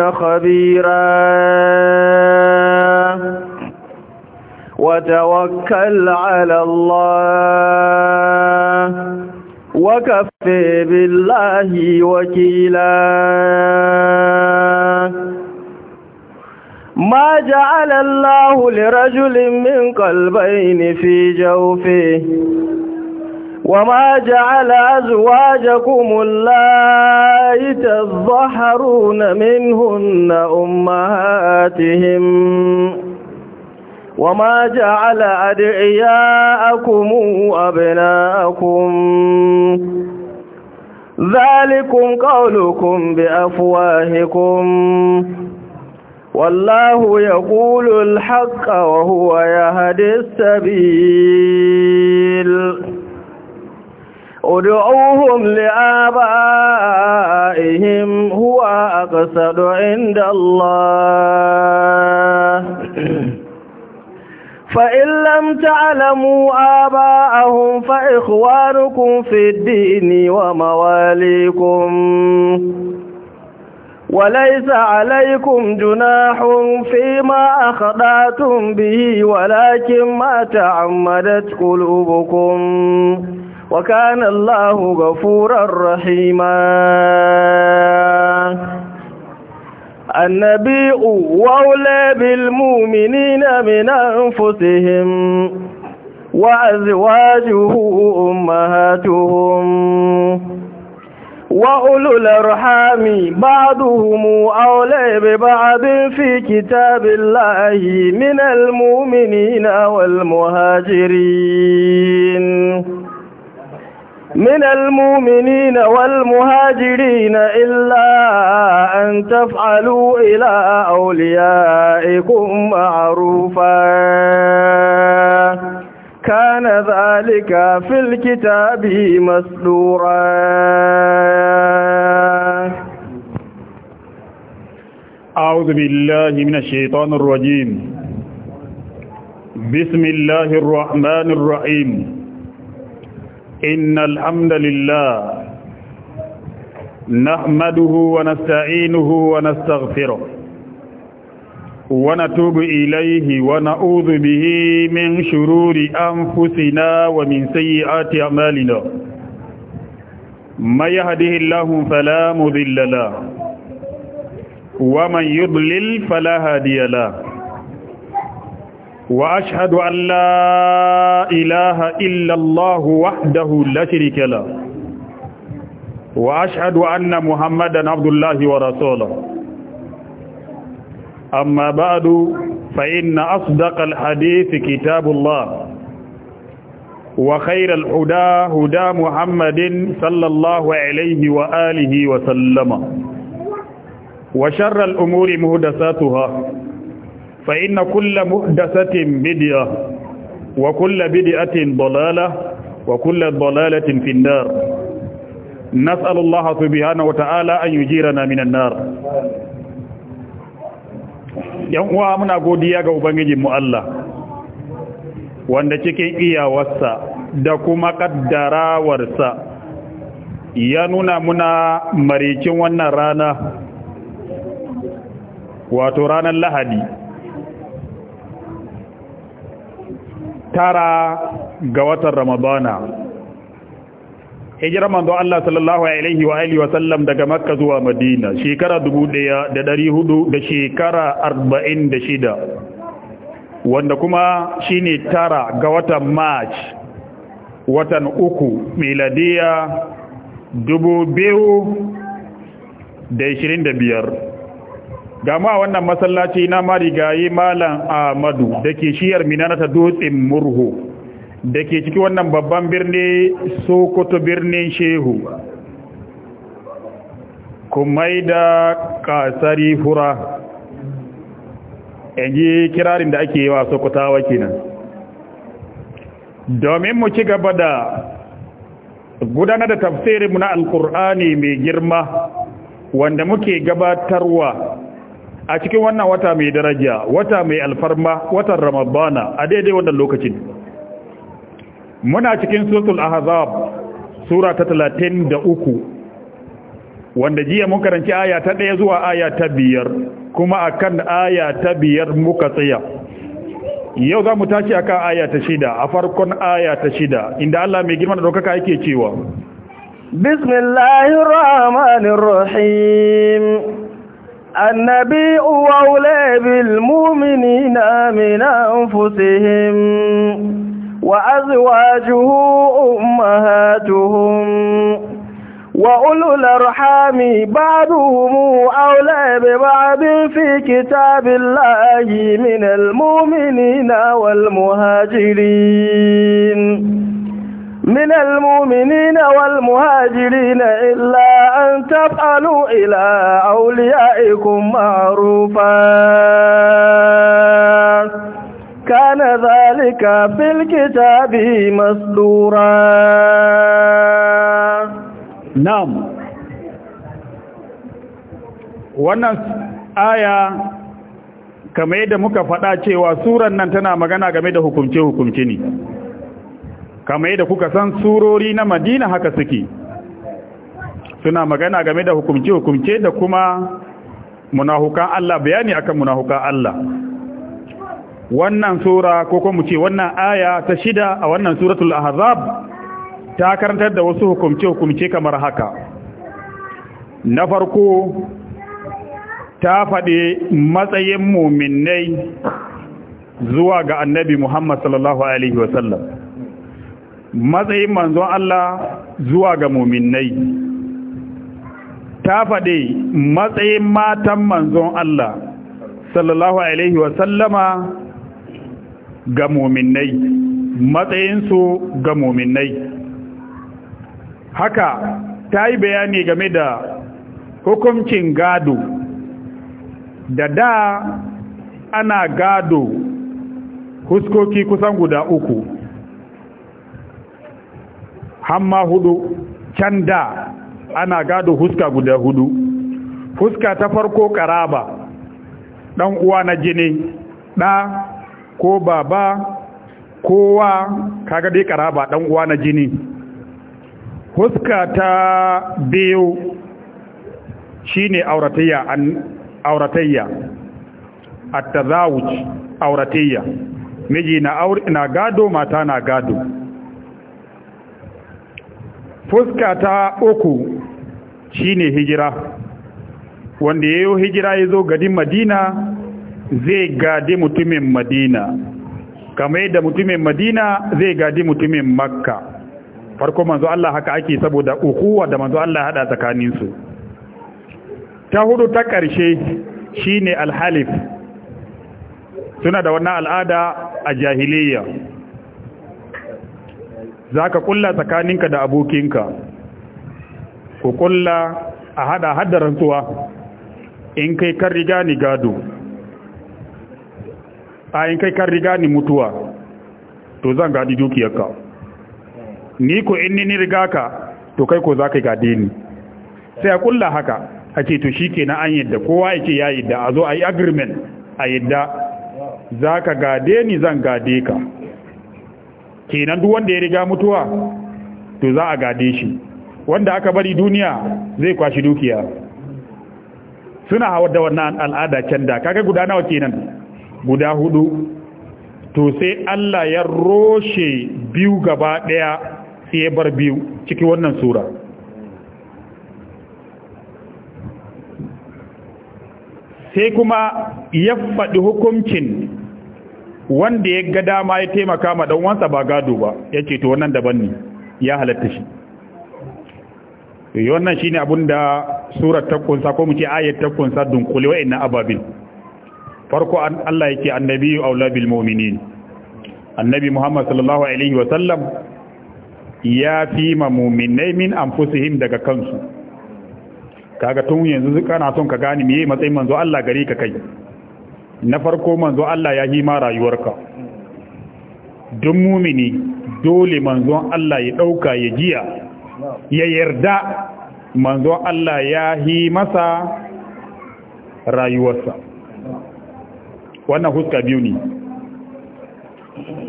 خبيرا وتوكل على الله وكف بالله وكيلا ما جعل الله لرجل من قلبين في جوفه وما جعل أزواجكم اللائي تظهرون منهن أمهاتهم وما جعل أدعياءكم أبناءكم ذلكم قولكم بأفواهكم والله يقول الحق وهو يهدي السبيل ادعوهم لآبائهم هو أقصد عند الله فإن لم تعلموا آباءهم فإخوانكم في الدين ومواليكم وليس عليكم جناح فيما أخضعتم به ولكن ما تعمدت قلوبكم وكان الله غفورا رحيما النبي وأولى بالمؤمنين من أنفسهم وأزواجه أمهاتهم وأولو الأرحام بعضهم أولى ببعض في كتاب الله من المؤمنين والمهاجرين من المؤمنين والمهاجرين إلا أن تفعلوا إلى أوليائكم معروفا كان ذلك في الكتاب مسدورا أعوذ بالله من الشيطان الرجيم بسم الله الرحمن الرحيم إن الحمد لله نحمده ونستعينه ونستغفره ونتوب إليه ونعوذ به من شرور أنفسنا ومن سيئات أعمالنا من يهده الله فلا مضل له ومن يضلل فلا هادي له وأشهد أن لا إله إلا الله وحده لا شريك له وأشهد أن محمدا عبد الله ورسوله أما بعد فإن أصدق الحديث كتاب الله وخير الهدى هدى محمد صلى الله عليه وآله وسلم وشر الأمور مهدساتها فإن كل محدثة بدعة وكل بدعة ضلالة وكل ضلالة في النار نسأل الله سبحانه وتعالى أن يجيرنا من النار yan'uwa muna godiya ga mu Allah wanda cikin iyawarsa da kuma kaddarawarsa ya nuna muna maricin wannan rana wato ranar lahadi tara ga watan ramadana hijira manzo Allah sallallahu alaihi wa alihi wa sallam daga makka zuwa madina shekara 1400 da shekara 46 wanda kuma shine tara ga watan march watan uku miladiya 2025 gama wannan masallaci na marigayi malam ahmadu da ke shiyar minana ta dutsen murhu da ke ciki wannan babban birni sokoto birnin shehu kumai da kasari fura yanzu kirarin da ake yi wa sokotawa kenan domin mu ci gaba da gudanar da tafsirinmu na alkur'ani mai girma wanda muke gabatarwa a cikin wannan wata mai daraja wata mai alfarma watan ramadana a daidai wannan lokacin muna cikin suratul ahzab sura ta 33 wanda jiya mun karanci aya ta 1 zuwa aya ta 5 kuma akan aya ta 5 muka tsaya yau za mu tashi akan aya ta 6 a farkon aya ta 6 inda Allah mai girma da dokaka yake cewa bismillahir rahim النبي أولى بالمؤمنين من أنفسهم وأزواجه أمهاتهم وأولو الأرحام بعضهم أولى ببعض في كتاب الله من المؤمنين والمهاجرين من المؤمنين والمهاجرين إلا أن تفعلوا إلى أوليائكم معروفا كان ذلك في الكتاب مسطورا نعم wannan aya kamar yadda muka faɗa cewa suran nan tana magana game da hukumce-hukumce ne kamar yadda kuka san surori na madina haka suke suna magana game da hukumce-hukumce da kuma munahukan Allah bayani akan munahukan Allah wannan sura ko kuma ce wannan aya ta shida a wannan suratul ahzab ta karantar da wasu hukumce-hukumce kamar haka na farko ta faɗi matsayin muminai zuwa ga annabi Muhammad sallallahu alaihi wasallam matsayin manzon Allah zuwa ga muminai ta faɗi matsayin matan manzon Allah sallallahu alaihi wasallama ga muminai matsayinsu ga muminai haka ta yi bayani game da hukuncin gado da da ana gado huskoki kusan guda uku hamma hudu can da ana gado huska guda hudu huska ta farko karaba dan uwa na jini da ko baba kowa kaga dai karaba dan uwa na jini huska ta biyu shine auratayya an auratayya at-tazawuj auratayya miji na aure na gado mata na gado fuska ta uku shine hijira wanda yayo hijira ya zo gadin madina zai gadi mutumin madina kamar yadda mutumin madina zai gadi mutumin makka farko manzo Allah haka ake saboda ukuwa da manzo Allah hada tsakaninsu ta hudu ta ƙarshe shine alhalif suna da wannan al'ada a jahiliya za ka kulla tsakaninka da abokinka ku kulla a hada hada rantsuwa in kai kan riga ni gado a in kai kan riga ni mutuwa to zan gadi dukiyarka ni ko in ni riga ka to kai ko za ka gade ni sai a kulla haka a ce to shi na an yadda kowa ya ce ya yadda a zo a yi agreement a yadda za ka gade ni zan gade ka kenan duk wanda ya riga mutuwa to za a gade shi wanda aka bari duniya zai kwashi dukiya suna hawar da wannan al'ada can da kaga guda nawa kenan guda hudu to sai Allah ya roshe biyu gaba daya sai ya bar biyu ciki wannan sura sai kuma ya faɗi hukuncin wanda ya ga dama ya taimaka ma dan wansa ba gado ba ce to wannan daban ne ya halatta shi wannan shine abin da surar takunsa ko muke ayat takunsa dunkule na ababil farko Allah yake annabi aula bil mu'minin annabi Muhammad sallallahu alaihi wa ya fi ma mu'minai min anfusihim daga kansu kaga tun yanzu kana son ka gane meye matsayin manzo Allah gare ka kai na farko manzo Allah ya yi ma rayuwarka don mumini dole manzo Allah ya ɗauka ya jiya ya yarda manzo Allah ya yi masa rayuwarsa wannan huska biyu ne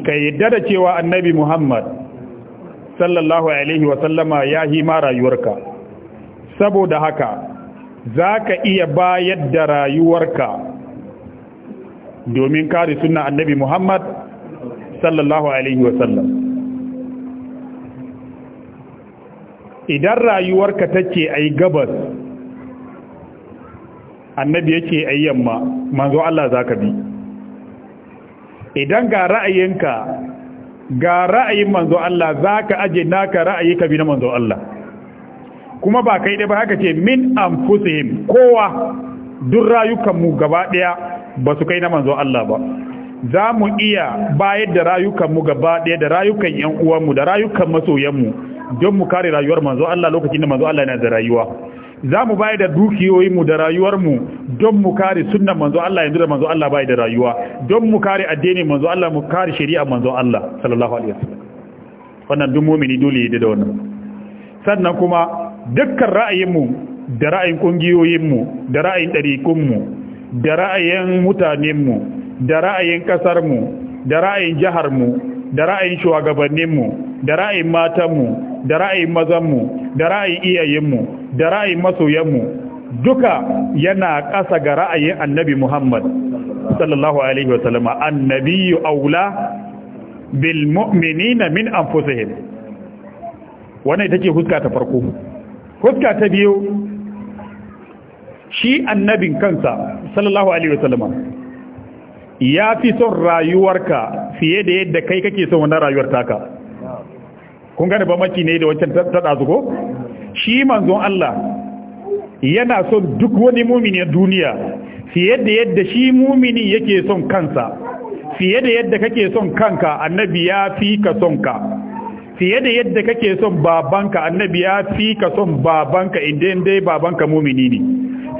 ka yadda da cewa annabi Muhammad sallallahu alaihi wa sallama, ya yi ma rayuwarka saboda haka za ka iya bayar da rayuwarka domin kare sunna annabi Muhammad sallallahu alaihi wasallam idan rayuwarka take yi gabas annabi yake yi yamma manzo Allah zaka bi idan ga ra'ayinka ga ra'ayin manzo Allah zaka aje naka ra'ayi ka bi na manzo Allah kuma ba kai dai ba haka ce min anfusihim kowa duk rayukan mu gaba daya ba su kai na manzo Allah ba za mu iya bayar da rayukanmu gaba ɗaya da rayukan ‘yan uwanmu da rayukan masoyanmu don mu kare rayuwar manzo Allah lokacin da manzo Allah yana da rayuwa za mu bayar da dukiyoyinmu da rayuwarmu don mu kare sunnan manzo Allah yanzu da manzo Allah bai da rayuwa don mu kare addinin manzo Allah mu kare shari'a manzo Allah sallallahu alaihi wasallam wannan duk mu'mini dole ya da wannan sannan kuma dukkan ra'ayinmu da ra'ayin kungiyoyinmu da ra'ayin dariƙunmu da ra'ayin mutanenmu da ra'ayin ƙasarmu da ra'ayin jiharmu da ra'ayin shugabanninmu da ra'ayin matanmu da ra'ayin mazanmu da ra'ayin iyayenmu da ra'ayin masoyanmu duka yana ƙasa ga ra'ayin annabi muhammad sallallahu alaihi wasallam annabi aula bil mu'minina min anfusihim wannan take huska ta farko huska ta biyu shi annabin kansa sallallahu alaihi wasallama ya fi son rayuwarka fiye da yadda kai kake son wannan rayuwar taka kun gane maki ne da wancan tada zuko shi manzon Allah yana son duk wani mumini duniya fiye da yadda shi mumini yake son kansa fiye da yadda kake son kanka annabi ya fi ka son ka fiye da yadda kake son babanka annabi ya fi ka son babanka inda dai babanka mumini ne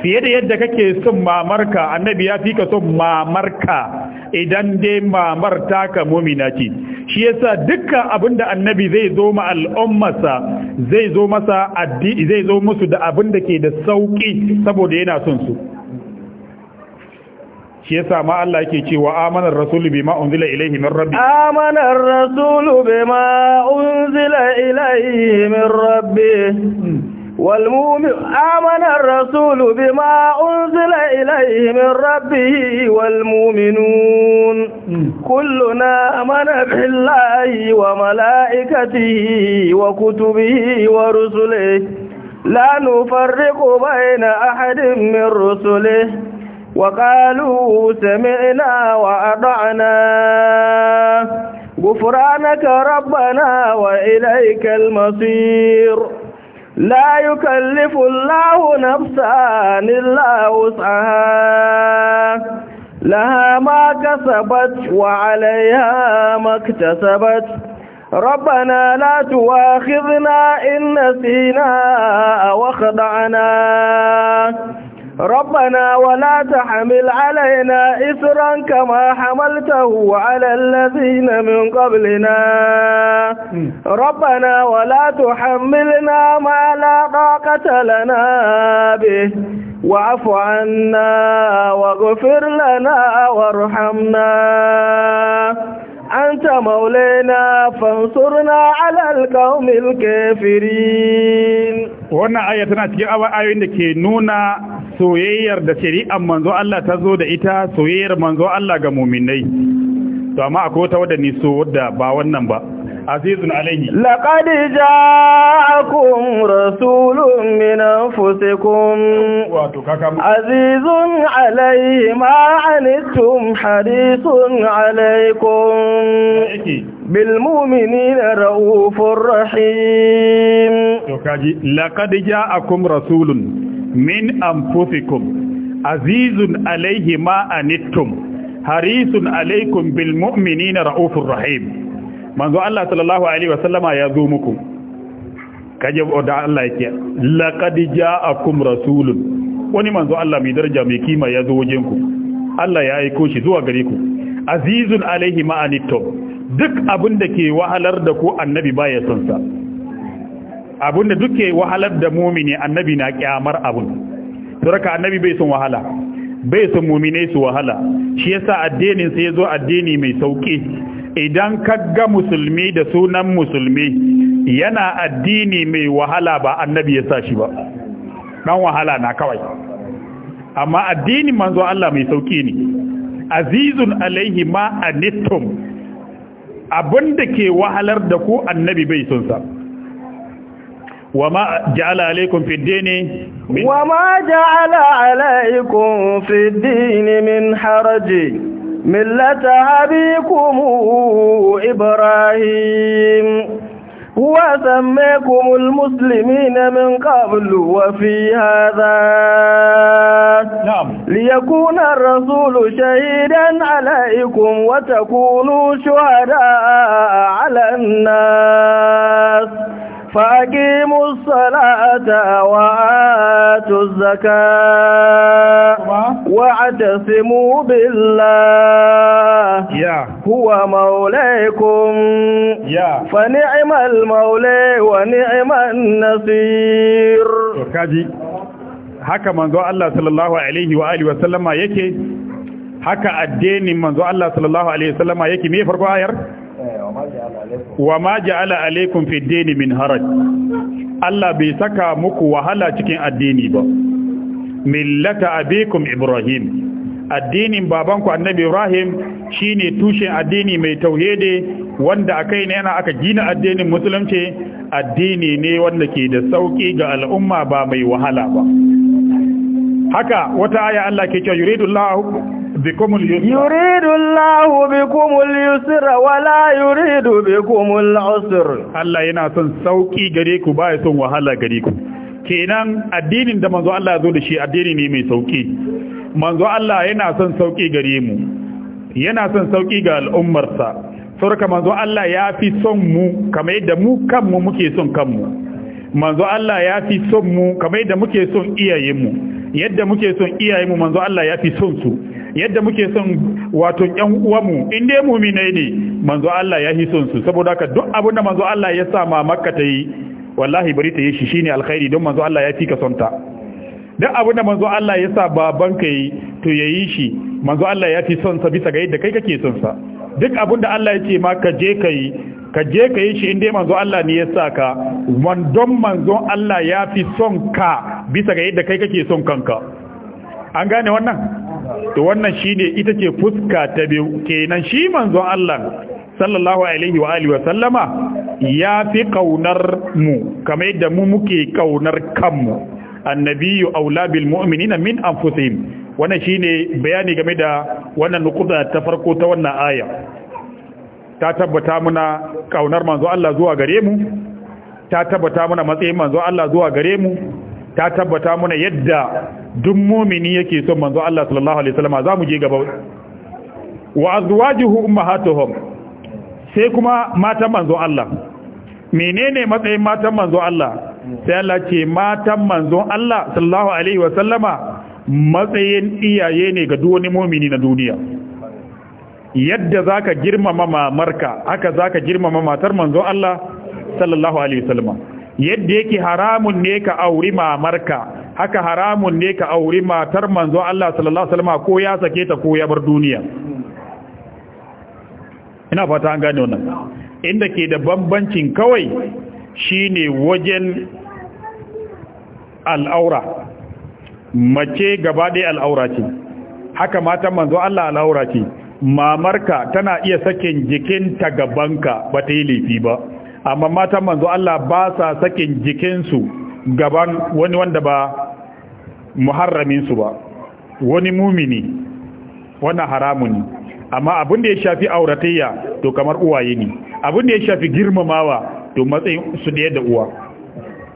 fiye da yadda kake son mamarka annabi ya fi ka son mamarka idan dai mamar ka mumina ce shi yasa dukkan abinda annabi zai zo ma al'ummarsa zai zo masa addi zai zo musu da abinda ke da sauki saboda yana son su shi yasa ma Allah yake cewa amanar bi bima unzila ilayhi min rabbi amanar bi bima unzila ilayhi min rabbi hmm. والمؤمن آمن الرسول بما أنزل إليه من ربه والمؤمنون كلنا آمن بالله وملائكته وكتبه ورسله لا نفرق بين أحد من رسله وقالوا سمعنا وأطعنا غفرانك ربنا وإليك المصير لا يكلف الله نفسا إلا وسعها لها ما كسبت وعليها ما اكتسبت ربنا لا تواخذنا إن نسينا أو ربنا ولا تحمل علينا إسرا كما حملته على الذين من قبلنا ربنا ولا تحملنا ما لا طاقة لنا به واعف عنا واغفر لنا وارحمنا أنت مولينا فانصرنا على القوم الكافرين وانا آياتنا تجي أو آية إنك نونا سوير دا شريعة منذ الله تزو دا إتا سوير منذ الله غموميني to amma akwai wata wadda ni so wadda ba azizun alaihi laqad ja'akum rasulun min anfusikum wato kaka azizun alaihi ma anittum harisun alaikum بالمؤمنين رؤوف رحيم توكاجي لقد rasulun min من azizun عزيز ma anittum harisun حريص عليكم بالمؤمنين رؤوف rahim. manzo Allah sallallahu alaihi sallama ya zo muku kaje da Allah yake laqad ja'akum rasulun wani manzo Allah mai daraja mai kima ya zo wajen ku Allah ya aika shi zuwa gare ku azizun alaihi ma anito duk abin da ke wahalar da ku annabi baya son sa abin da duke wahalar da mumini annabi na kyamar abun suraka annabi bai son wahala bai son mumine su wahala shi yasa addinin sai ya zo addini mai sauki idan ga musulmi da sunan musulmi yana addini mai wahala ba annabi ya sa shi ba dan wahala na kawai amma addini manzo Allah mai sauki ne azizun alaihi ma anittum abinda ke wahalar da ku annabi bai son sa وما جعل عليكم في الدين وما ja'ala عليكم fi dini min haraji ملة أبيكم إبراهيم وسميكم المسلمين من قبل وفي هذا نعم ليكون الرسول شهيدا عليكم وتكونوا شهداء على الناس فأقيموا الصلاة وآتوا الزكاة واعتصموا بالله هو مولاكم فنعم المولى ونعم النصير haka manzo Allah sallallahu alaihi wa alihi wa sallama yake haka addinin manzo Allah sallallahu alaihi wa sallama yake me farko ayar wa ma ja'ala alaikum fi dini min haraj Allah bai saka muku wahala cikin addini ba millata abikum ibrahim addinin babanku annabi ibrahim shine tushen addini mai tauhidi wanda akai ne yana aka gina addinin musulunci addini ne wanda ke da sauki ga al'umma ba mai wahala ba haka wata aya Allah ke cewa Yuridu yuridullahu بكم اليسر يريد الله بكم اليسر ولا يريد بكم العسر الله yana son sauki gare ku ba son wahala gare ku kenan addinin da manzo Allah ya zo da shi addini ne mai sauki manzo Allah yana son sauki gare mu yana son sauki ga al'ummarsa saboda manzo Allah ya fi son mu kamar yadda mu kanmu muke son kanmu manzo Allah ya fi son mu kamar yadda muke son iyayenmu yadda muke son iyayenmu manzo Allah ya fi son su yadda muke son wato ƴan uwanmu in dai mu'minai ne manzo Allah ya hison su saboda haka duk abin da manzo Allah ya sa ma Makka ta yi wallahi bari ta yi shi shine alkhairi don manzo Allah ya fika sonta duk abin da manzo Allah ya sa baban ka yi to yayi shi manzo Allah ya fi son sa bisa ga yadda kai kake son sa duk abin da Allah ya ce ma ka je ka yi ka je ka yi shi inda manzo Allah ne ya sa ka don manzo Allah ya fi son ka bisa ga yadda kai kake son kanka an gane wannan to wannan shine ita ce fuska ta biyu kenan shi manzon Allah sallallahu alaihi wa alihi wa sallama ya fi kaunar mu kamar yadda mu muke kaunar kanmu annabiyu aula bil mu'minina min anfusihim wannan shine bayani game da wannan nukuda ta farko ta wannan aya ta tabbata muna kaunar manzon Allah zuwa gare mu ta tabbata muna matsayin manzo Allah zuwa gare mu ta tabbata muna yadda duk mumini yake son manzo Allah sallallahu alaihi wasallam za mu je gaba wa azwajuhu ummahatuhum sai kuma matan manzo Allah menene matsayin matan manzo Allah sai Allah ce matan manzo Allah sallallahu alaihi wasallama matsayin iyaye ne ga duk wani mumini na duniya yadda zaka girmama mamarka haka zaka girmama matar manzo Allah sallallahu alaihi wasallama yadda yake haramun ne ka auri mamarka haka haramun ne ka auri matar manzo Allah sallallahu alaihi wasallam ko ya sake ta ko ya bar duniya ina fata an gane wannan inda ke da bambancin kawai shine wajen al'aura mace gaba ɗaya al'aura ce haka matan manzo Allah al'aura ce mamarka tana iya sakin jikinta gabanka ba ta yi laifi ba amma matan manzo Allah ba sa sakin jikinsu gaban wani wanda ba muharramin su ba wani mumini wani haramun ne amma abin da ya shafi auratayya to kamar uwaye ne abin da ya shafi girmamawa to matsayin su da uwa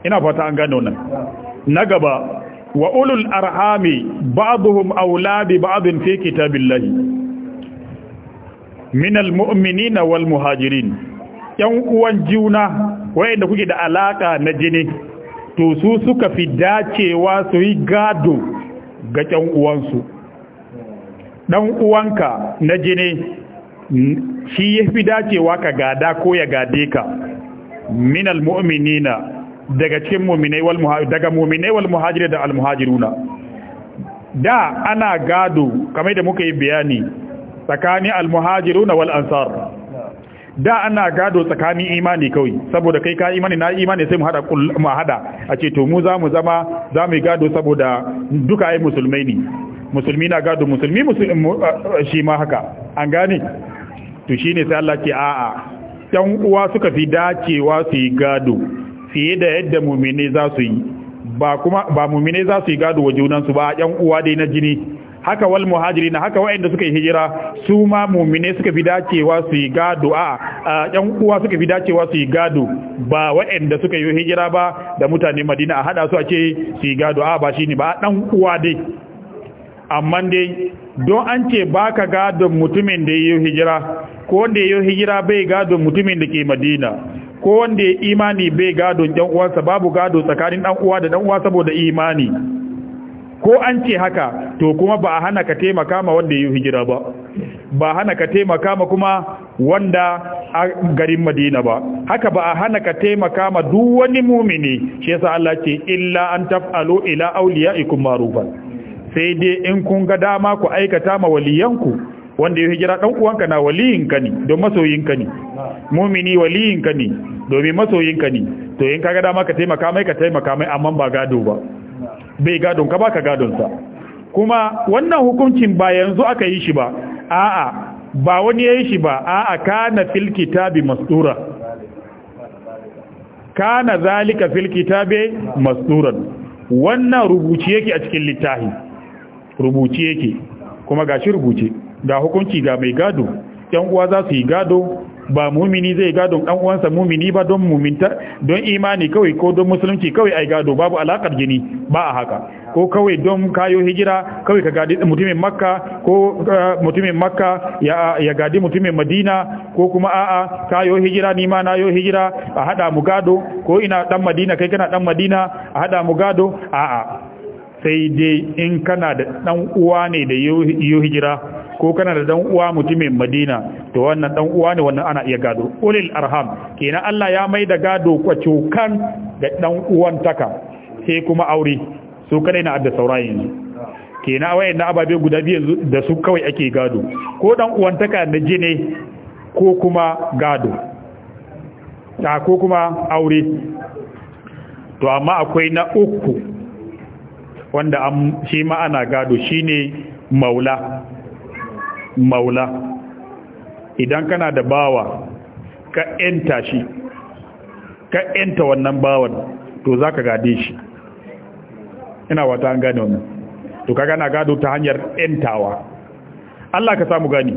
ina fata an gano nan na gaba wa ulul arhami ba'dhum awla bi ba'dhin fi kitabillahi min almu'minina wal muhajirin yan uwan juna wayanda kuke da alaka na jini to su suka fi dacewa su yi gado ga uwansu ɗan uwanka na jini shi ya fi dacewa ka gada ko ya gade ka minal mu'minina daga cikin mu'minai wal daga muhajiri da al da ana gado kamar da muka yi bayani tsakanin al muhajiruna wal ansar da ana gado tsakanin imani kawai saboda kai ka imani na imani sai mu hada mu hada a ce to mu za mu zama za mu gado saboda duka ai musulmai ne musulmi na gado musulmi shi ma haka an gane to shine sai Allah ke a'a dan uwa suka fi dacewa su yi gado fiye da yadda mu'mini za su yi ba kuma ba mu'mini za su yi gado wajunan su ba yan uwa dai na jini haka wal muhajirin haka wa'inda suka yi hijira su ma mu'mine suka fi dacewa su yi gado a yan uwa suka fi dacewa su yi gado ba wa'inda suka yi hijira ba da mutane Madina a hada su a ce su yi gado a ba shi ne ba dan uwa dai amma dai don an ce baka gadon mutumin da yi hijira ko wanda yi hijira bai gadon mutumin da ke Madina ko wanda imani bai gadon ɗan uwansa babu gado tsakanin ɗan uwa da ɗan uwa saboda imani ko an ce haka to kuma ba a hana ka taimaka ma wanda ya hijira ba ba hana ka taimaka ma kuma wanda a garin Madina ba haka ba a hana ka taimaka ma duk wani mumini shi yasa Allah ce illa an taf'alu ila awliyaikum ma'rufan sai dai in kun ga dama ku aikata ma waliyanku wanda ya hijira dan uwanka na waliyinka ne don masoyinka ne mumini waliyinka ne domin masoyinka ne to in ka ga dama ka taimaka mai ka taimaka mai amma ba gado ba bai gadon ka baka gadonsa kuma wannan hukuncin ba yanzu aka yi shi ba a'a ba wani ya yi shi ba a'a kana fil kitabi mastura kana zalika fil kitabi masturan wannan rubuci yake a cikin littafi rubuci yake kuma gashi rubuce ga hukunci ga mai gado yan uwa za su yi gado ba mumini zai gado dan uwansa mumini ba don muminta don imani kawai ko don musulunci kawai ai gado babu alakar jini ba a haka ko kawai don kayo hijira kawai ka gadi mutumin makka ko eh, mutumin makka ya, ya gadi mutumin madina ko kuma a'a kayo hijira ni ma nayo hijira a hada mu gado ko ina dan madina kai kana dan madina a hada mu gado a'a sai dai in kana da dan uwa ne da yo hijira ko kana da dan uwa mutumin Madina to wannan dan uwa ne wannan ana iya gado ulil arham kina Allah ya mai da gado kwacokan ga dan uwan taka sai kuma aure su kada ina adda saurayin kina wayan na ababe guda biyu da su kawai ake gado ko dan uwan taka na jine ko kuma gado ta ko kuma aure to amma akwai na uku wanda shi ma ana gado shine maula maula idan kana da bawa ka enta shi ka enta wannan bawan to za ka gade shi ina wata an gane wannan to kaga na gado ta hanyar entawa Allah ka samu gani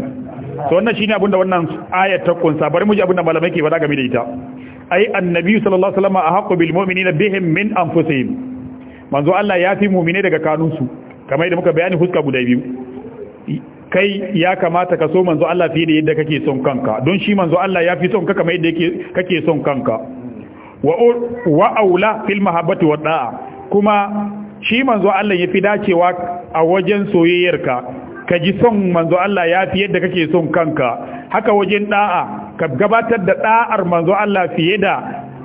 to wannan shine abin da wannan ayat ta kunsa bari mu ji abin da malamai ke faɗa game da ita ai annabi sallallahu alaihi wasallam ahqqu bil mu'minina bihim min anfusihim manzo Allah ya fi mu'mine daga kanunsu kamar yadda muka bayani huska guda biyu kai ya kamata ka so manzo Allah fiye da yadda kake son kanka don shi manzo Allah ya fi son ka kamar yadda kake son kanka wa wa aula fil mahabbati wa da'a kuma shi manzo Allah fi dacewa a wajen soyayyarka ka ji son manzo Allah ya fi yadda kake son kanka haka wajen da'a ka gabatar da da'ar manzo Allah fiye da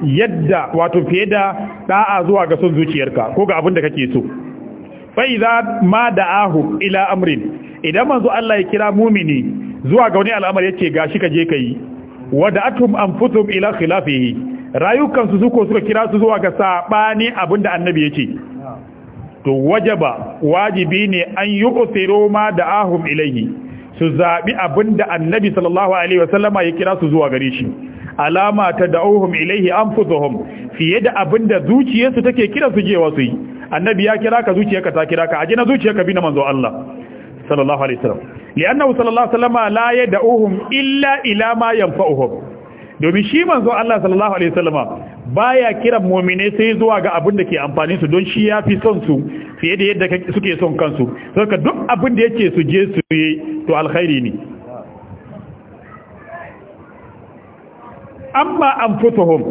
yadda wato fiye da da'a zuwa ga son zuciyarka ko ga abin da kake so fa idza ma da'ahu ila amrin idan manzo Allah ya kira mumini zuwa ga wani al'amari yace gashi ka je kai wada'atum anfusuhum ila khilafihi rayukan su suko suka kira su zuwa ga sabani abinda annabi yace to wajaba wajibi ne an yuqsiru ma da'ahum ilayhi su zabi abinda annabi sallallahu alaihi wasallama ya kira su zuwa gare shi alama ta da'uhum ilaihi anfusuhum fiye da abinda zuciyarsu take kira su je wasu yi annabi ya kira ka zuciyarka ta kira ka aje na zuciyarka bi na manzo Allah sallallahu alaihi wasallam li'annahu sallallahu alaihi wasallam la yad'uhum illa ila ma yanfa'uhum domin shi manzo Allah sallallahu alaihi wasallam baya kiran mu'mine sai zuwa ga abin da ke amfani su don shi yafi son su fiye da yadda suke son kansu saboda duk abin da yake su je su yi to alkhairi ne amma anfusuhum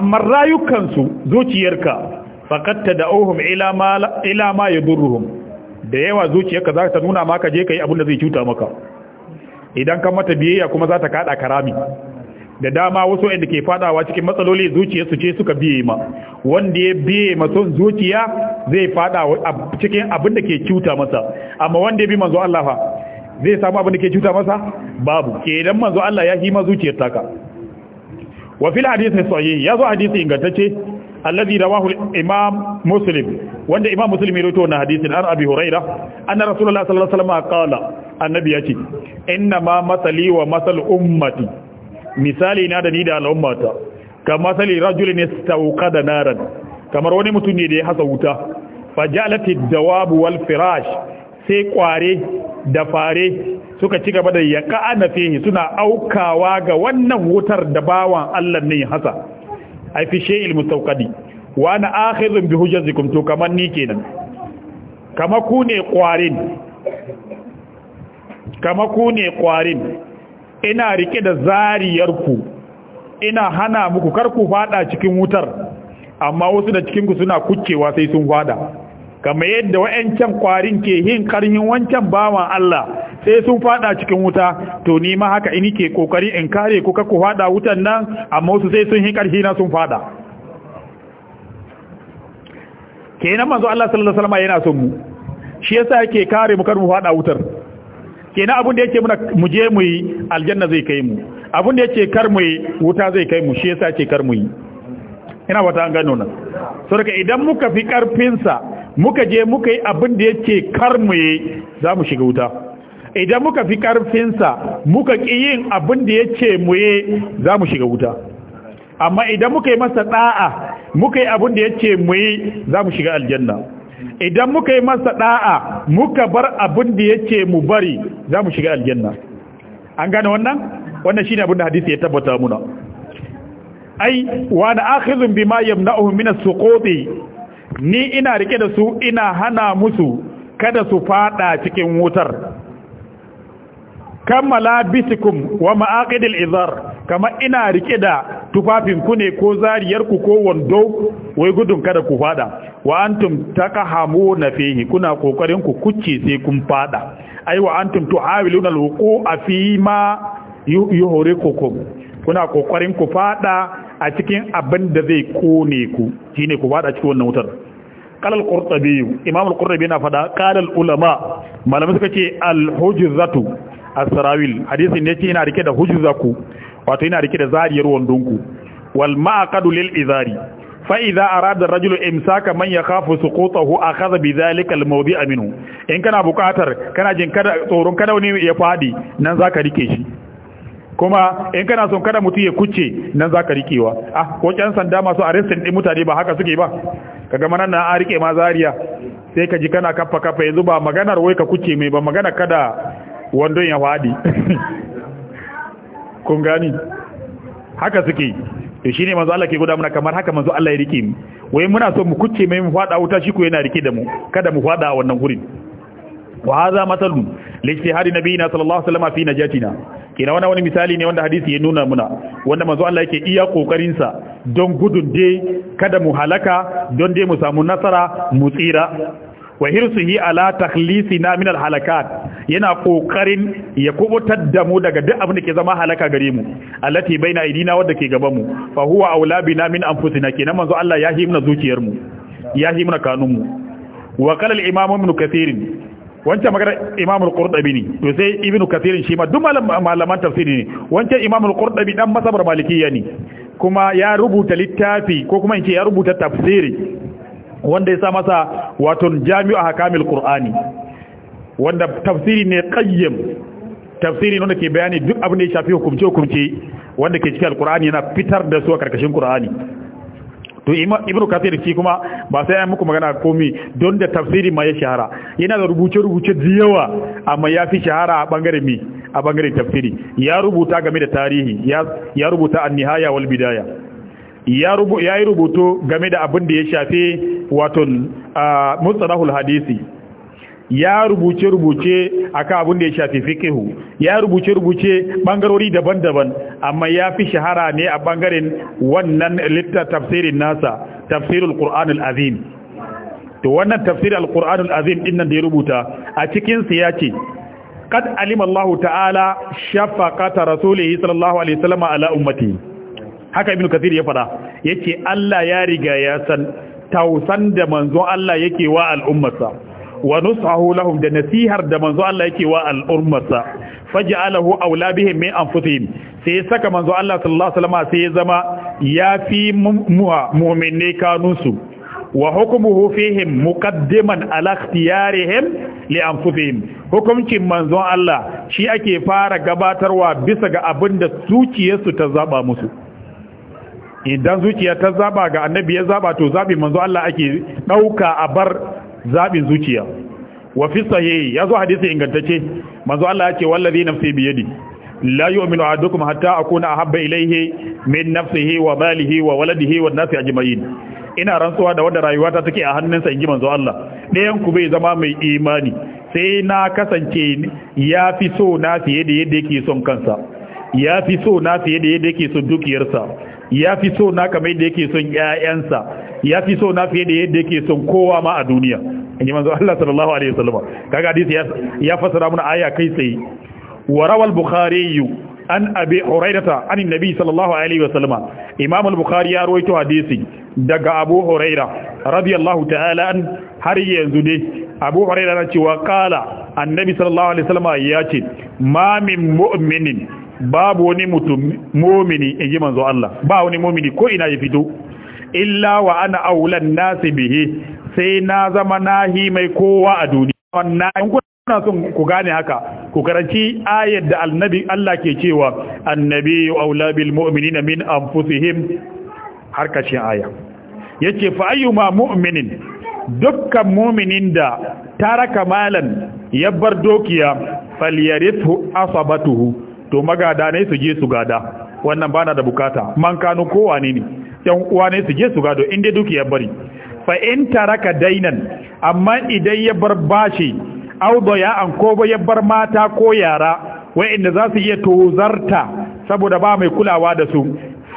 amma rayukansu zuciyarka faqad tad'uhum ila ma ila ma yadurruhum da yawa zuciyarka za ta nuna maka je ka yi abin da zai cuta maka idan kan mata biyayya kuma za ta kada karami da dama wasu inda ke fadawa cikin matsaloli zuciya su ce suka biye ma wanda ya biye ma son zuciya zai fada cikin abin da ke cuta masa amma wanda ya bi manzo Allah fa zai samu abin da ke cuta masa babu ke idan manzo Allah ya hima zuciyar taka wa fil hadisi sahih yazo hadisi ingantacce alladhi rawahu imam muslim wanda imam muslim ya rawaito wannan hadisin an abi huraira anna rasulullah sallallahu alaihi wasallam qala annabi yace inna ma masali wa masal ummati misali na da ni da al'ummata kama masali rajulin istawqada naran kamar wani mutum ne da ya hasa wuta fajalati dawabu wal firash sai kware da fare suka ci gaba da yaqa'ana fihi suna aukawa ga wannan wutar da bawan Allah ne ya hasa ai fi shay'il mustawqadi wa ana akhidhu bi hujjatikum to kaman ni kenan kama ku ne kwarin kama ku ne kwarin ina rike da zariyarku ina hana muku kar ku fada cikin wutar amma wasu da cikin ku suna kuccewa sai sun fada kamar yadda wa'ancan kwarin ke yin karhin wancan bawan Allah sai sun fada cikin wuta to ni ma haka ini ke kokari in kare ku ka ku fada wutan nan amma su sai sun yi karhi na sun fada kenan manzo Allah sallallahu alaihi wasallam yana son mu shi yasa yake kare mu kar mu fada wutar kenan abin da yake muna mu je mu yi aljanna zai kai mu abin da yake kar mu yi wuta zai kai mu shi yasa yake kar mu yi ina wata an gano nan saboda idan muka fi karfin sa muka je muka yi abin da yake kar mu yi za mu shiga wuta idan muka fi karfinsa muka ƙi yin abin da yake mu yi za mu shiga wuta amma idan muka yi masa ɗa'a muka yi abin da yake mu yi za mu shiga aljanna idan muka yi masa ɗa'a muka bar abin da yake mu bari za mu shiga aljanna an gane wannan wannan shi ne abin da hadisi ya tabbata muna ai wa na bi bima yamna'uhu min as-suquti ni ina rike da su ina hana musu kada su fada cikin wutar kammala bisikum wa ma'aqidil izar kama ina rike da tufafinku ne ko zariyarku ko wando wai gudun kada ku fada wa antum na fihi kuna kokarin ku kucce sai kun fada ai wa antum tuhawiluna alwuqu'a fi ma yuhriqukum kuna kokarin ku fada a cikin abin da zai kone ku shine ku fada cikin wannan wutar kalal qurtubi imam al-qurtubi na fada kalal ulama malamai suka ce al-hujzatu as-sarawil hadisin ne ce yana rike da hujzaku wato yana rike da zariyar wandonku wal ma'aqadu lil izari fa idza arada ar-rajulu imsaka man yakhafu suqutahu akhadha bi dhalika al-mawdi'a minhu in kana buƙatar kana jin kada tsoron kada wani ya fadi nan zaka rike shi kuma in kana son kada mutum ya kuce nan zaka rikewa ah ko kyan sanda masu arrestin din mutane ba haka suke ba kaga manan nan an rike ma zariya sai ka ji kana kaffa kaffa yanzu ba maganar wai ka kuce mai ba magana kada wandon ya fadi kun gani haka suke to shine manzo Allah ke guda muna kamar haka manzo Allah ya rike mu wai muna so mu kuce mai mu fada wuta shi ko yana rike da mu kada mu fada wannan gurin wa hadha matalun li ijtihadi nabiyina sallallahu alaihi wasallam fi najatina kina wannan wani misali ne wanda hadisi ya nuna muna wanda manzo Allah yake iya kokarin sa don gudun dai kada mu halaka don dai mu samu nasara mu tsira wa hirsuhi ala takhlisina min alhalakat yana kokarin ya kubutar da mu daga duk abin da ke zama halaka gare mu allati baina aidina wanda ke gaban mu fa huwa aula bina min anfusina kenan manzo Allah ya himna zuciyar mu ya himna kanun mu wa qala al-imam ibn kathir wancan magana Imam al qurdabi ne to sai Ibn Kathir shi ma duk malaman tafsiri ne wancan Imam al-Qurtubi dan masabar malikiyya ne kuma ya rubuta littafi ko kuma in ce ya rubuta tafsiri wanda ya sa masa wato Jami'u Ahkamil Qur'ani wanda tafsiri ne qayyim tafsiri ne wanda ke bayani duk abin da ya shafi hukumce hukumce wanda ke cikin al yana fitar da su a karkashin Qur'ani to ibnu kathir shi kuma ba sai ya muku magana komi don da tafsiri mai shahara yana da rubuce rubuce da yawa amma ya fi shahara a bangare mi a bangare tafsiri ya rubuta game da tarihi ya rubuta an-nihaya wal bidaya ya rubu ya yi rubutu game da abin da ya shafe wato mustalahul hadisi ya rubuce-rubuce akan abin da ya shafi fikihu ya rubuce-rubuce bangarori daban-daban amma ya fi shahara ne a bangaren wannan litta tafsirin nasa tafsirul ƙuran azim to wannan tafsir al ƙuran azim din nan da ya rubuta a cikin sa yace kad alimallahu Allah ta'ala shafaqata rasulihi sallallahu alaihi wasallam ala ummati haka ibnu kathir ya fada yace Allah ya riga ya san tausan da manzon Allah yake wa al'ummarsa wa nusahu lahum da nasihar da manzo Allah yake wa al'ummarsa faj'alahu aula bihim min anfusihim sai ya saka manzo Allah sallallahu alaihi wasallam sai ya zama ya fi mu'minne kanunsu wa hukmuhu fihim muqaddiman ala ikhtiyarihim li anfusihim hukuncin manzo Allah shi ake fara gabatarwa bisa ga abinda zuciyarsu ta zaba musu idan zuciya ta zaba ga annabi ya zaba to zabi manzo Allah ake dauka a bar zaɓin zuciya wa fi sahihi ya zo hadisi ingantacce manzo Allah ya ce wallazi nafsi bi yadi la yu'minu ahadukum hatta akuna ahabba ilayhi min nafsihi wa malihi wa waladihi wa nasi ajma'in ina rantsuwa da wanda rayuwata take a hannunsa inji manzo Allah ɗayan ku bai zama mai imani sai na kasance ya fi so na fiye da yadda yake son kansa ya fi so na fiye da yadda yake son dukiyarsa ya fi so na kamar yadda yake son ƴaƴansa ya fi so na fiye da yadda yake son kowa ma a duniya in ji manzo Allah sallallahu alaihi wasallam kaga hadisi ya fasara mana aya kai tsaye wa rawal bukhari an abi hurairata an annabi sallallahu alaihi wasallam imam al-bukhari ya rawaito hadisi daga abu huraira radiyallahu ta'ala an har yanzu dai abu huraira na cewa kala annabi sallallahu alaihi wasallam ya ce ma min mu'minin babu wani mutum mumini in ji manzo Allah ba wani mumini ko ina ya fito illa wa ana aulan nasi bihi sai na zama nahi mai kowa a duniya wannan kuna son ku gane haka ku karanci ayar da annabi Allah ke cewa annabi aula bil mu'minina min anfusihim har aya yace fa ayyuma mu'minin dukkan mu'minin da taraka malan ya bar dokiya falyarithu asabatuhu to magada ne su je su gada wannan bana da bukata man kanu kowa ne ne yan uwa ne su je su gado in dai ya bari fa in taraka dainan amma idan ya bar bashi ya an ko ba ya bar mata ko yara wa'inda za su iya tozarta saboda ba mai kulawa da su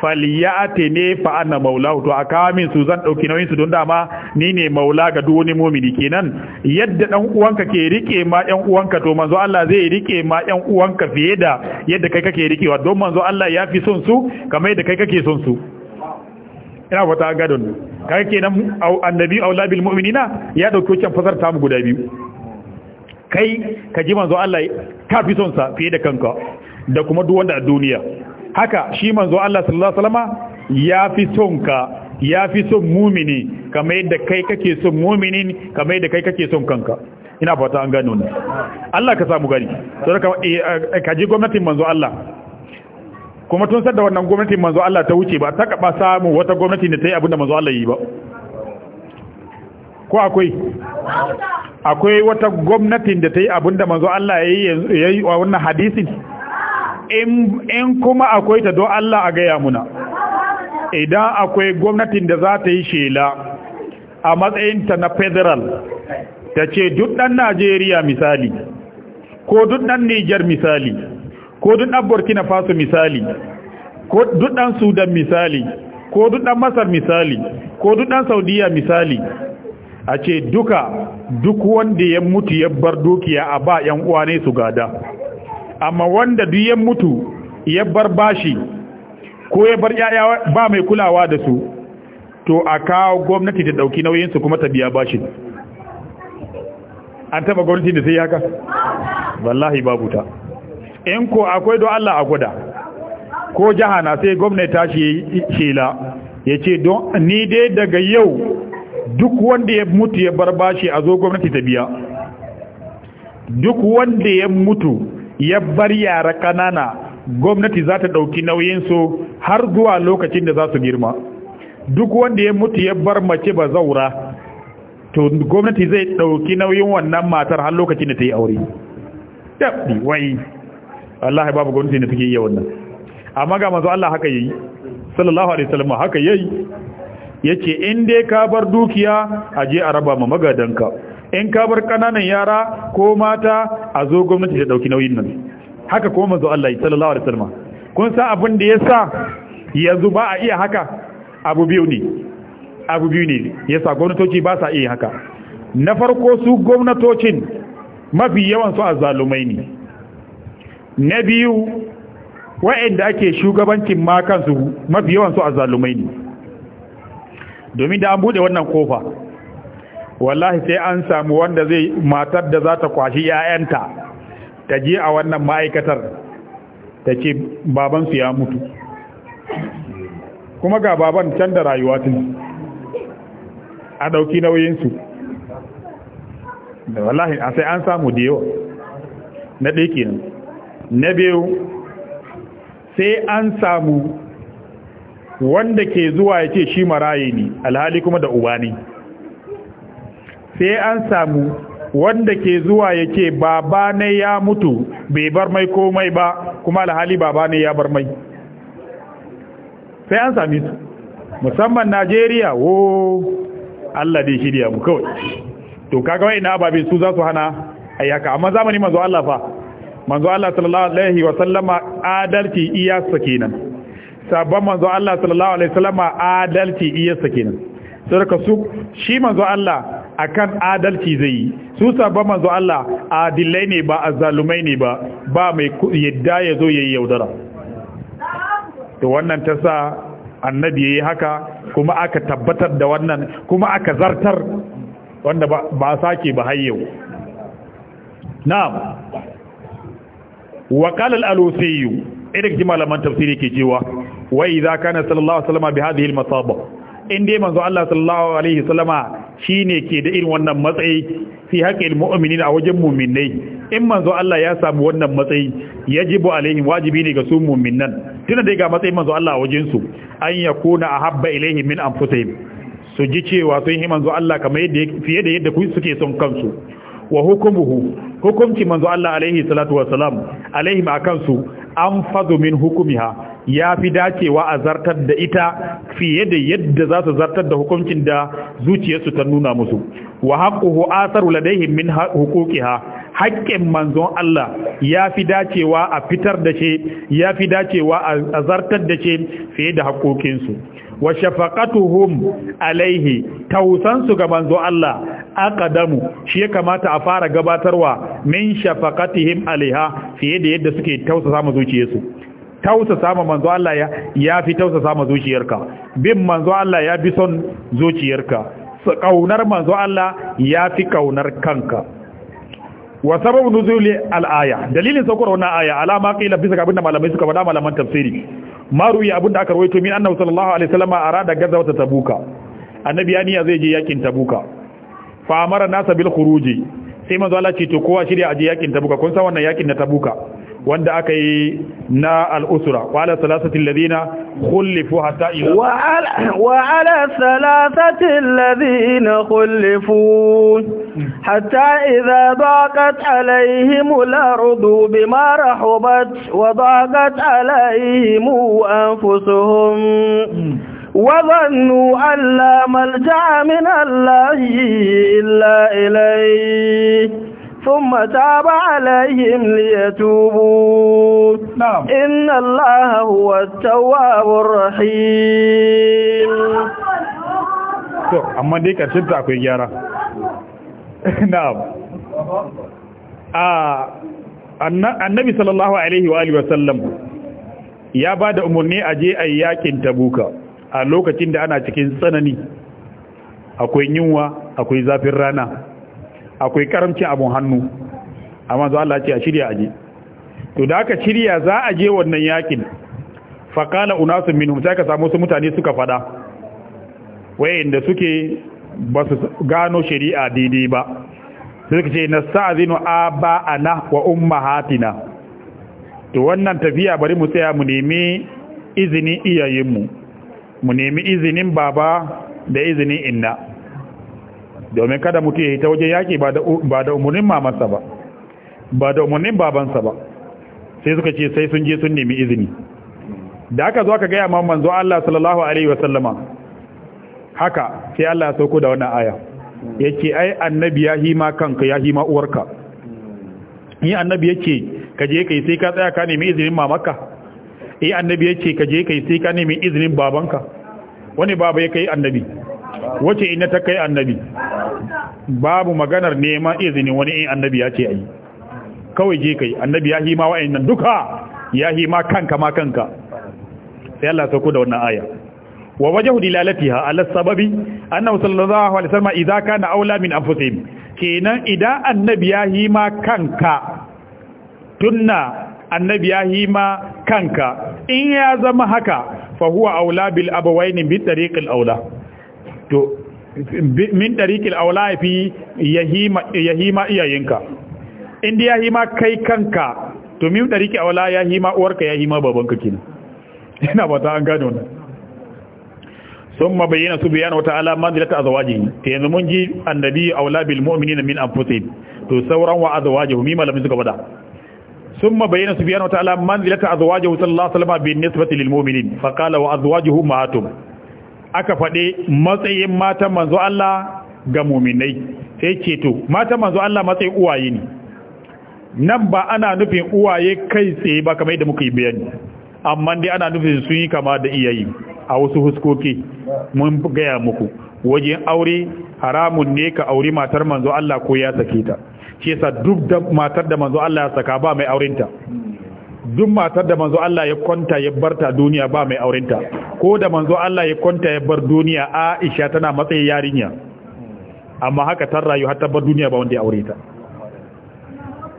faliyate ne fa anna to aka min su zan dauki nauyin su don dama ni ne maula ga duk wani mu'mini kenan yadda dan uwanka ke rike ma ɗan uwanka to manzo Allah zai rike ma ɗan uwanka fiye da yadda kai kake rikewa don manzo Allah ya fi son su kamar yadda kai kake son su ina fata an gadon kaga kenan annabi aula bil mu'minina ya dauki wancan fasar ta mu guda biyu kai ka ji manzo Allah ka fi son sa fiye da kanka da kuma duk wanda a duniya haka shi manzo Allah sallallahu alaihi wasallama ya fi son ka ya fi son mumini kamar yadda kai kake son muminin kamar yadda kai kake son kanka ina fata an gano ne Allah ka samu gari saboda eh, eh, ka ji gwamnatin manzo Allah kuma tun sadda wannan gwamnati manzo Allah ta wuce ba ta kaba samu wata gwamnati da ta yi abinda manzo Allah yi ba ko akwai akwai wata gwamnatin da ta yi abinda manzo Allah ya yi wa wannan hadisin in kuma akwai ta don Allah a gaya muna idan akwai gwamnatin da za ta yi shela a matsayinta na federal ta ce duk ɗan Najeriya misali ko duk ɗan Nijar misali ko duk ɗan burkina faso misali ko duk ɗan sudan misali ko duk ɗan masar misali ko duk ɗan saudiya misali a ce duka duk wanda ya mutu ya bar dukiya a ba ‘yan uwa ne su gada amma wanda duk ya mutu ya bar bashi ko ya bar ‘ya'ya ba mai kulawa da su to a kawo gwamnati ta ɗauki nauyinsu kuma ta biya bashin an taba gwamnati da sai haka wallahi babu ta in ko akwai don Allah a guda ko jahana sai gwamnati shi shila ya ce don ni dai daga yau duk wanda ya mutu ya barbashi a zo gwamnati ta biya duk wanda ya mutu ya bar yara kanana gwamnati za ta ɗauki nauyinsu har zuwa lokacin da za su girma duk wanda ya mutu ya bar mace ba zaura to gwamnati zai ɗauki nauyin wannan matar har lokacin da ta yi aure. Dabdi, wallahi babu gwamnati ne take yi wannan amma ga manzo Allah haka yayi sallallahu alaihi wasallam haka yayi yace in dai ka bar dukiya aje a raba ma magadanka in ka bar kananan yara ko mata a zo gwamnati ta dauki nauyin nan haka kuma manzo Allah sallallahu alaihi wasallam kun san abin da yasa yanzu ba a iya haka abu biyu ne abu biyu ne yasa gwamnatoci ba sa iya haka na farko su gwamnatocin mafi yawan su azzalumai ne na biyu wa'anda ake shugabancin makansu kansu yawan su a zalumai ne domin da an bude wannan kofa wallahi sai an samu wanda zai matar da za ta kwashi 'ya'yanta ta je a wannan ma'aikatar ta ce babansu ya mutu kuma ga baban can da rayuwa tun a ɗauki nauyinsu da wallahi a sai an samu da yawa na ɗaya kenan na biyu sai an samu wanda ke zuwa ya ce shi maraye ne alhali kuma da uba ne sai an samu wanda ke zuwa ya ce baba ne ya mutu bai bar mai komai ba kuma alhali baba ne ya bar mai sai an sami su musamman najeriya wo allah dai shirya mu kawai to kaga wai na ababe su za su hana ayyaka amma zamani manzo allah fa manzo Allah sallallahu alaihi wa sallama adalci iyasa kenan sabon manzo Allah sallallahu alaihi wa sallama adalci iyasa kenan sarka su shi manzo Allah akan adalci zai yi su sabon manzo Allah adilai ne ba azzalumai ne ba ba mai yadda ya zo yayi yaudara to wannan ta sa annabi yayi haka kuma aka tabbatar da wannan kuma aka zartar wanda ba sake ba har yau na'am wa qala al-alusi idan ji malaman tafsiri ke cewa wa idza kana sallallahu alaihi wasallam bi hadhihi al-masaba indai manzo Allah sallallahu alaihi wasallama shine ke da irin wannan matsayi fi haqqil mu'minin a wajen mu'minai in manzo Allah ya sami wannan matsayi yajibu alaihim wajibi ne ga su mu'minan tunda dai ga matsayin manzo Allah a wajen su an a habba ilaihim min anfusihim su ji cewa sun yi manzo Allah kamar yadda fiye da yadda suke son kansu wa hukumuhu hukumci manzo Allah alaihi salatu wassalam alaihim akan su an fadu min hukumiha ya fi dacewa a zartar da ita fiye da yadda za su zartar da hukumcin da zuciyarsu ta nuna musu wa haqquhu atharu ladaihim min huquqiha haƙƙin manzon Allah ya fi dacewa a fitar da shi ya fi dacewa a zartar da shi fiye da haƙoƙinsu wa shafaqatuhum alaihi tausansu ga manzo Allah aqdamu shi ya kamata a fara gabatarwa min shafaqatihim alaiha fiye da yadda suke tausasa mu zuciyarsu tausasa ma manzo Allah ya yafi tausasa ma zuciyarka bin manzo Allah ya bi son zuciyarka kaunar manzo Allah ya fi kaunar kanka wa sababu nuzuli al-aya dalilin saukar wannan aya alama qila bisa ga abinda malamai suka faɗa malaman tafsiri maruyi abinda aka rawaito min annabi sallallahu alaihi wasallam arada gazawata tabuka annabi ya zai je yakin tabuka fa amara nasa bil khuruji sai manzo Allah ce to kowa shirya aje yakin tabuka kun san wannan yakin na tabuka wanda aka yi na al'usura wa ala salasatin ladina kullifu hatta ila wa ala salasatin ladina kullifu hatta idza daqat alaihim al-ardu bima rahabat wa daqat alaihim anfusuhum وظنوا أن ملجأ من الله إلا إليه ثم تاب عليهم ليتوبوا نعم. إن الله هو التواب الرحيم amma dai karshen ta akwai gyara na'am annabi sallallahu alaihi wa alihi wasallam ya da umarni a je a yakin tabuka a lokacin da ana cikin tsanani akwai yunwa akwai zafin rana akwai karamci abun hannu amma zuwa Allah ce a shirya aje to da aka shirya za a je wannan yakin faqala unasu minhum sai ka samu su mutane suka fada da suke ba su gano shari'a daidai ba sai suka ce nasta'zinu ana wa ummahatina to wannan tafiya bari mu tsaya mu nemi izinin iyayenmu mu nemi izinin baba da izinin inna domin kada mutum ya yi ta waje yaƙi ba da umarnin mamansa ba ba da umarnin babansa ba sai suka ce sai sun je sun nemi izini da aka zo aka gaya ma manzo Allah sallallahu alaihi wasallama haka sai Allah ya sauko da wannan aya ya ce ai annabi ya hima kanka ya hima uwarka ni annabi ce ka je kai sai ka tsaya ka nemi izinin mamaka yi annabi ce ka je kai sai ka nemi izinin babanka wani baba ya kai annabi wace ina ta kai annabi babu maganar neman izinin wani in annabi ya ce yi kawai je kai annabi ya hima wa'annan duka ya hima kanka ma kanka sai Allah sauko da wannan aya wa wajhu dilalatiha ala sababi annahu sallallahu alaihi wasallam idza kana aula min anfusihim kenan idan annabi ya hima kanka tunna annabi ya hima kanka in ya zama haka fa huwa aula bil abawaini bi tariqil aula to min darikil aula ya yahima yahima iyayenka in dai yahima kai kanka to min darikil aula ya yahima uwarka yahima babanka kenan yana ba ta an gano nan sun mabayyana su biyana wata alama da ta azawaji ta yanzu mun ji annabi aula bil mu'minin min anfusihim to sauran wa azawaji humi malamin suka bada ثم بين سبحانه وتعالى منزلة أزواجه صلى الله عليه وسلم بالنسبة للمؤمنين فقال وأزواجه أمهاتهم aka faɗe matsayin matan manzo Allah ga muminai sai ce to matan manzo Allah matsayin uwaye ne nan ba ana nufin uwaye kai tsaye ba kamar yadda muka yi bayani amma dai ana nufin sun yi kama da iyayi a wasu huskoki mun gaya muku wajen aure haramun ne ka aure matar manzo Allah ko ya sake ta shi yasa duk da matar da manzo Allah ya saka ba mai aurenta duk matar da manzo Allah ya kwanta ya barta duniya ba mai aurenta ko da manzo Allah ya kwanta ya bar duniya Aisha tana matsayin yarinya amma haka tar rayu har ta bar duniya ba wanda ya aure ta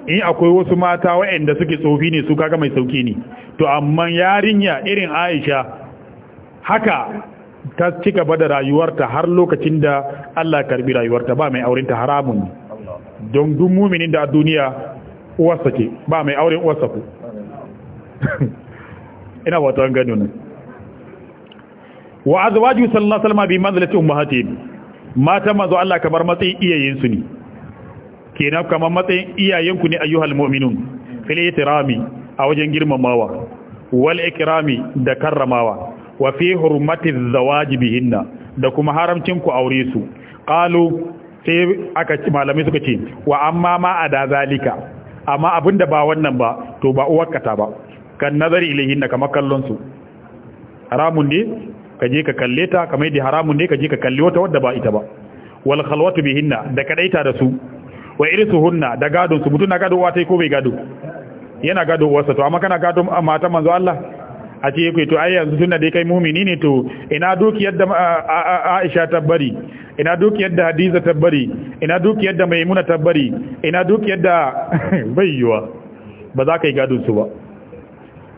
in akwai wasu mata waɗanda suke tsofi ne su kaga mai sauki ne to amma yarinya irin Aisha haka ta cika bada rayuwarta har lokacin da Allah karbi rayuwarta ba mai auren ta haramun don duk muminin da a duniya uwarsa ce ba mai auren uwarsa ku ina wata an gani wannan wa azwaju sallallahu alaihi wasallam bi manzilati ummahatihim mata manzo Allah kamar matsayin iyayensu ne kenan kamar matsayin ku ne ayyuhal mu'minun fil itirami a wajen girmamawa wal ikrami da karramawa wa fi hurmati zawaji bihinna da kuma haramcin ku aure su qalu sai aka ci malamai suka ce wa amma ma ada zalika amma abinda ba wannan ba to ba uwarka ta ba kan nazari ilayhinna kamar kallon su haramun ne ka je ka kalle ta kamar da haramun ne ka je ka kalli wata wadda ba ita ba wal khalwatu bihinna da kadaita da su wa irsuhunna da gadon su mutuna gado wata ko bai gado yana gado wasa to amma kana gado mata manzo Allah a ce yake to ai yanzu tunda dai kai mu'mini ne to ina dukiyar da Aisha tabbari ina dukiyar da Hadiza tabbari ina dukiyar da Maimuna tabbari ina dukiyar da bayyuwa ba za ka yi gado su ba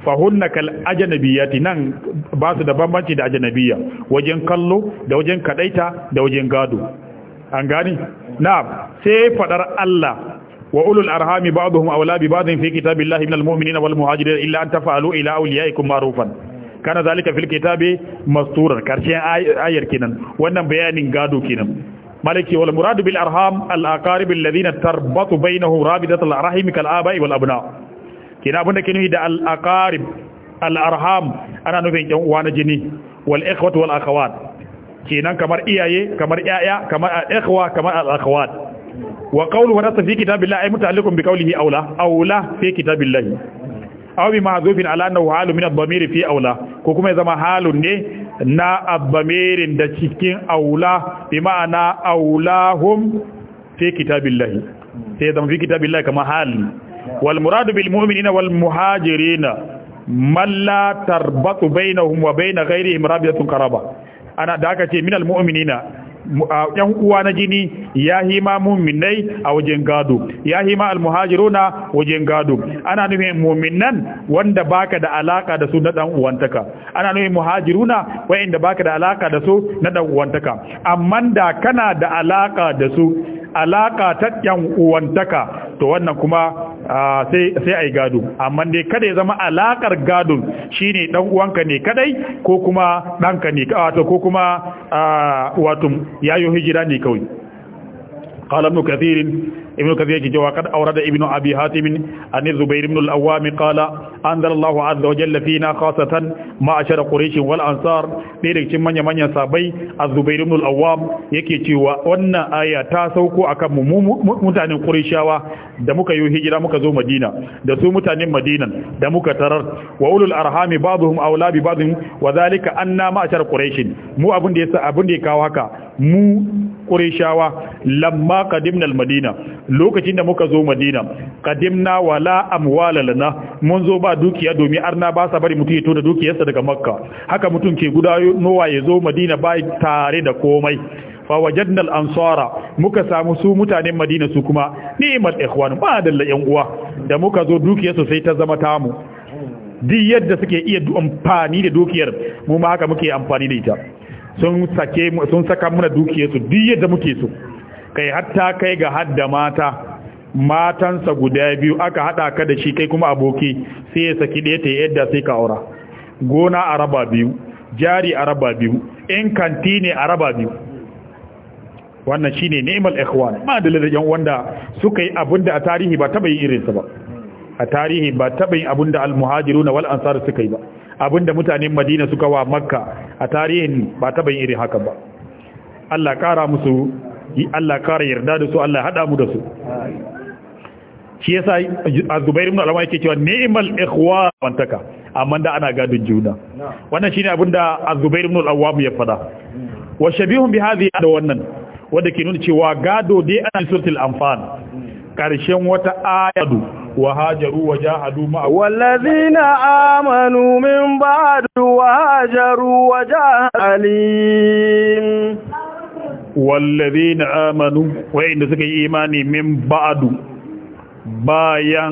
fahunna kal ajnabiyati nan ba su da bambanci da ajanabiya wajen kallo da wajen kadaita da wajen gado an gani na'am sai fadar Allah wa ulul arhami ba'dhum awla bi ba'dhin fi kitabillahi minal mu'minina wal muhajirin illa an tafa'alu ila awliyaikum ma'rufan kana zalika fil kitabi masturan karshen ayar kenan wannan bayanin gado kenan maliki wal muradu bil arham al aqarib alladhina tarbatu bainahum rabidatul rahim kal aba'i wal abna' kina abinda ke nufi da al-aqarib al-arham ana nufin yan uwa na jini wal ikhwatu wal akhawat kenan kamar iyaye kamar yaya kamar al-ikhwa kamar al-akhawat wa qawluhu nasa fi kitabillahi ay muta'alliqun bi qawlihi awla awla fi kitabillahi aw bi ma'zufin ala annahu halu min ad-damir fi awla ko kuma zama halun ne na ad-damirin da cikin awla bi ma'ana awlahum fi kitabillahi sai zama fi kitabillahi kamar halin. wal muradu bil mu'minina wal muhajirina man la tarbatu bainahum wa bain ghairihim rabiatun qaraba ana da aka ce minal mu'minina yan uwa na jini ya hima mu'minai a wajen gado ya hima almuhajiruna wajen gado ana nufin mu'minan wanda baka da alaka da su na dan uwantaka ana nufin muhajiruna wanda baka da alaka da su na dan uwantaka amma da kana da alaka da su alaka ta yan uwantaka to wannan kuma Ah, sai a yi gado amma dai kada ya zama alakar gadon shine dan uwanka ne kadai ko kuma ɗanka ne wato ah, ko kuma ah, wato yayo hijira ne kawai qala ibn kathir yake cewa kad aurada ibn abi hatimin an zubair ibn al-awwam qala anzala Allahu azza wa jalla fina khasatan ma'ashara quraish wal ansar dai da cikin manyan sabai a zubair ibn al-awwam yake cewa wannan aya ta sauko akan mu mutanen qurayshawa da muka yi hijira muka zo madina da su mutanen madinan da muka tarar wa ulul arhami ba'dhum awla bi ba'dhin wa dhalika anna ma'ashara quraish mu abun da yasa da ya kawo haka mu qurayshawa lamma qadimna madina lokacin da muka zo madina qadimna wala amwala lana mun zo ba dukiya domin arna ba sa bari mutum ya to da dukiyarsa daga makka haka mutum ke gudanuwa ya zo madina ba tare da komai wajadna al-ansara muka samu su mutanen Madina su kuma ni'mat ikhwan ba dalla yan uwa da muka zo dukiyar sai ta zama tamu duk yadda suke iya amfani da dukiyar mu ma haka muke amfani da ita sun sake sun saka muna dukiyarsu duk yadda muke so kai hatta kai ga hadda mata matansa guda biyu aka hada ka da shi kai kuma aboki sai ya saki ɗaya ta yadda sai ka aura gona a raba biyu jari a raba biyu in kanti ne a raba biyu wannan shine ni'mal ikhwan ma da yan wanda suka yi abinda a tarihi ba taba yin irinsa ba a tarihi ba taba yin abinda al-muhajiruna wal ansar suka yi ba abinda mutanen madina suka wa makka a tarihin ba taɓa yin irin haka ba Allah kara musu Allah kara yarda da su Allah hada mu da su shi yasa az-zubair ibn alama yake cewa ni'mal ikhwa wantaka amma da ana gadin juna wannan shine abinda az-zubair ibn al-awwam ya fada wa shabihun bi hadhihi da wannan wanda ke nuna cewa gado dai ana suratul anfal karshen wata ayatu وهاجروا وجاهدوا معه والذين آمنوا من بعد وهاجروا وجاهدوا عليم والذين آمنوا وإن سكي إيماني من بعد بايا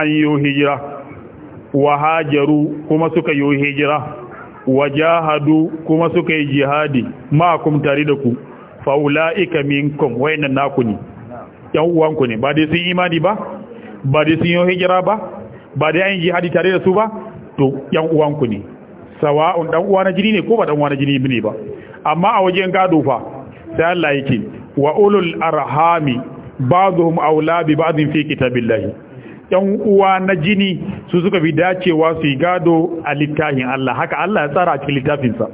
أن يهجر وهاجروا كما سكي يهجر وجاهدوا كما سكي جهادي معكم تريدكم فأولئك منكم وإن ناكني yan uwanku ne ba dai sun imani ba ba dai sun yi hijira ba ba dai an yi jihadi tare da su ba to yan uwanku ne sawa'un dan uwa na jini ne ko ba dan uwa na jini ne ba amma a wajen gado fa sai Allah yake wa ulul arhami ba'dhum awla bi ba'dhin fi kitabillahi yan uwa na jini su suka bi dacewa su yi gado a littafin Allah haka Allah ya tsara a cikin littafinsa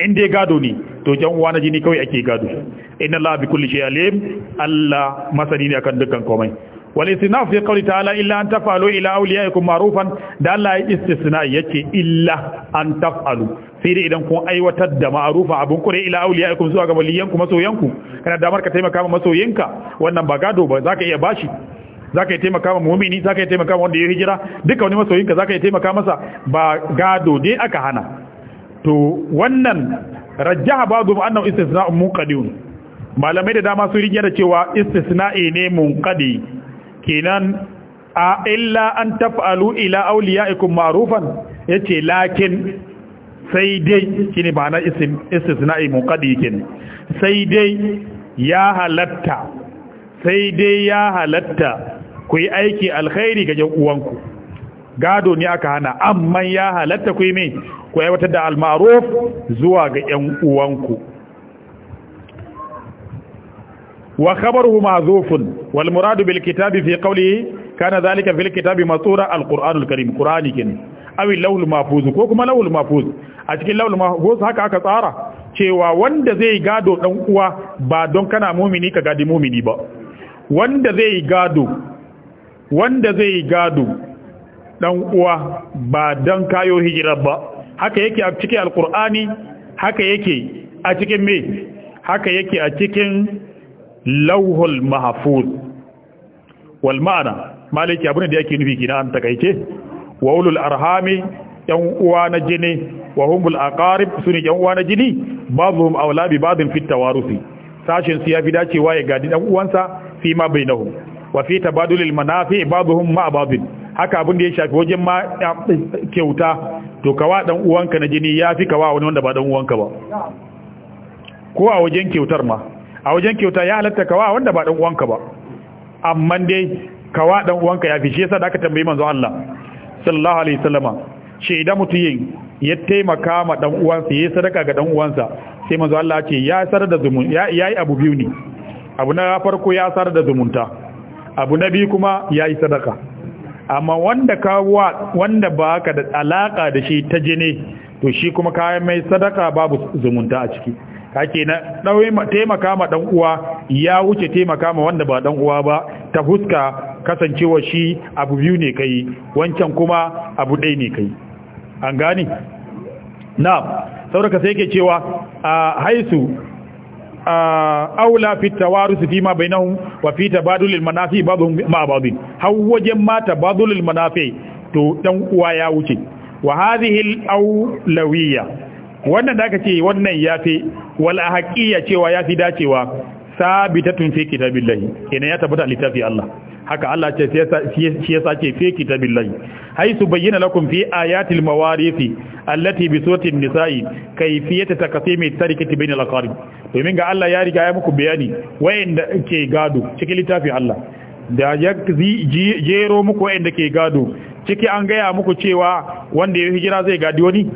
in dai gado ne to yan uwa na jini kawai ake gado inna Allah bi kulli shay'in alim Allah masani ne akan dukkan komai wal istinaf fi qawli ta'ala illa an taf'alu ila awliyaikum ma'rufan da Allah ya istisna yake illa an taf'alu sai dai idan kun aiwatar da ma'rufa abun kure ila awliyaikum zuwa ga waliyanku masoyanku kana damar ka taimaka ma masoyinka wannan ba gado ba zaka iya bashi zaka iya taimaka ma mu'mini zaka iya taimaka ma wanda ya hijira duka wani masoyinka zaka iya taimaka masa ba gado dai aka hana to wannan rajjaha ba'dhum annahu istisna'un munqadiun malamai da dama sun rigiya da cewa istisna'i ne munqadi kenan a illa an taf'alu ila auliya'ikum ma'rufan yace lakin sai dai kini ba na isim istisna'i muqaddi sai dai ya halatta sai dai ya halatta ku yi aiki alkhairi ga uwanku gado ne aka hana amma ya halatta ku yi me ku aiwatar da almaruf zuwa ga yan uwanku wa khabaruhu ma'zufun wal muradu bil kitabi fi qawlihi kana zalika fil kitabi masura al qur'anul karim qur'ani kin awi lawul mahfuz ko kuma lawul mahfuz a cikin lawul mahfuz haka aka tsara cewa wanda zai gado dan uwa ba don kana mumini ka gadi mumini ba wanda zai gado wanda zai gado dan uwa ba don kayo hijira ba haka yake a cikin alkur'ani haka yake a cikin me haka yake a cikin lauhul mahafuz wal ma'ana maliki abin da yake nufi kina an takaice wa ulul arhami yan uwa na jini wa humul aqarib sune yan uwa na jini bazuhum awla bi ba'dhin fi tawarusi sashin su yafi wa ya gadi dan uwansa fi ma bainahum wa fi tabadulil manafi ba'dhum ma ba'dhin haka abin da ya shafi wajen ma kyauta to kawa dan uwanka na jini ya fi kawa wani wanda ba dan uwanka ba ko a wajen kyautar ma a wajen kyauta ya halatta kawa wanda ba dan uwanka ba amma dai kawa dan uwanka ya fi shi yasa da aka tambayi manzo Allah sallallahu alaihi wasallama shi idan mutuyin ya taimaka ma dan uwansa ya sadaka ga dan uwansa sai manzo Allah ya ce ya da zumun ya yayi abu biyu ne abu na farko ya sarar da zumunta abu na biyu kuma yayi sadaka amma wanda kawa wanda ba ka da alaka da shi ta jini to shi kuma kayan mai sadaka babu zumunta a ciki kake na taimaka ma dan uwa ya wuce taimaka ma wanda ba dan uwa ba ta fuska kasancewa shi abu biyu ne kai wancan kuma abu ɗaya ne kai an gani na sauraka sai ke cewa a haisu aula fi tawarusi fi ma bainahum wa fi tabadulil manafi ba'dhum ma ba'dhin haw wajen ma tabadulil manafi to dan uwa ya wuce wa hadhihi al wannan da aka ce wannan fi wal'a ahqiya cewa yafi dacewa tun fi kitabillahi kenan ya tabbata littafi Allah haka Allah ce shi yasa ce fi kitabillahi haisu bayyana lakum fi ayatil mawarisi allati bi suratin nisa'i kayfiyata taqsimi tarikati bainal aqarib domin ga Allah ya riga ya muku bayani wayanda ke gado cikin littafi Allah da ya jero muku wayanda ke gado ciki an gaya muku cewa wanda ya hijira zai gadi wani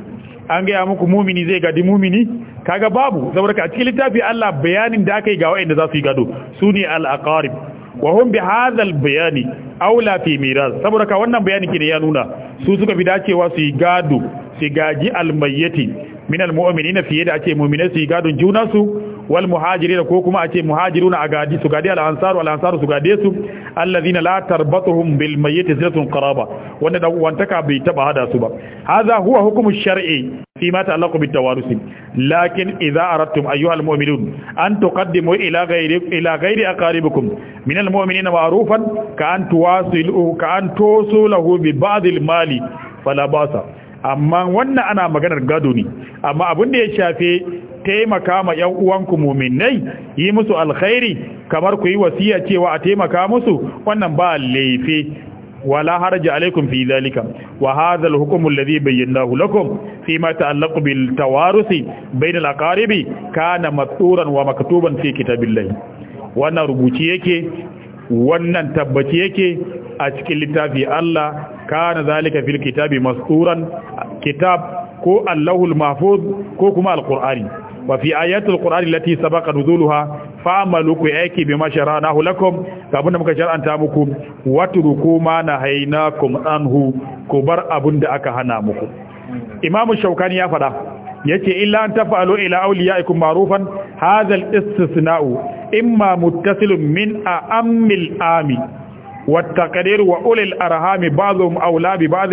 an gaya muku mumini zai gadi mumini kaga babu saboda a cikin littafi Allah bayanin da aka yi ga waɗanda za su yi gado su ne al'aƙarib wa hun bi hazal bayani aula fi miras saboda ka wannan bayanin ke ya nuna su suka fi dacewa su yi gado su gaji almayyati min almu'minina fiye da ake mu'minai su yi gadon junansu wal muhajirin ko kuma a ce muhajiruna a gadi su gadi al'ansaru al'ansaru su gade su allazina la tarbatuhum bil mayyit zilatun qaraba wanda dan wantaka bai taba hada su ba hadha huwa hukmu shar'i fi ma ta'allaqu bit tawarus lakin idza aradtum ayyuha al-mu'minun an tuqaddimu ila ghayri ila ghayri aqaribikum min al-mu'minina ma'rufan ka an tuwasilu ka an tusulahu bi ba'd mali fala basa amma wannan ana maganar gado ne amma abin da ya shafe taimaka ma ‘yan uwanku muminai yi musu alkhairi kamar ku yi wasiya cewa a taimaka musu wannan ba laifi wala haraja alaikum fi zalika wa hadha alhukm alladhi bayyanahu lakum fi ma ta'allaqu bil tawarusi bayna alaqaribi kana matsuran wa maktuban fi kitabillahi wannan rubuci yake wannan tabbaci yake a cikin littafi Allah kana zalika fil kitabi masturan kitab ko Allahul Mahfuz ko kuma Alqur'ani wa fi ayatul qur'ani lati sabaqa nuzuluha fa'malu ku aiki bima shara'nahu lakum kabun da muka shar'anta muku watruku ma nahainakum anhu ko bar abun da aka hana muku Imamun shaukani ya faɗa yace illa an tafa'alu auliya awliyaikum ma'rufan hadha al-istisna'u imma muttasilun min a'ammil ami والتقرير وأولي الأرهام بعضهم أولى ببعض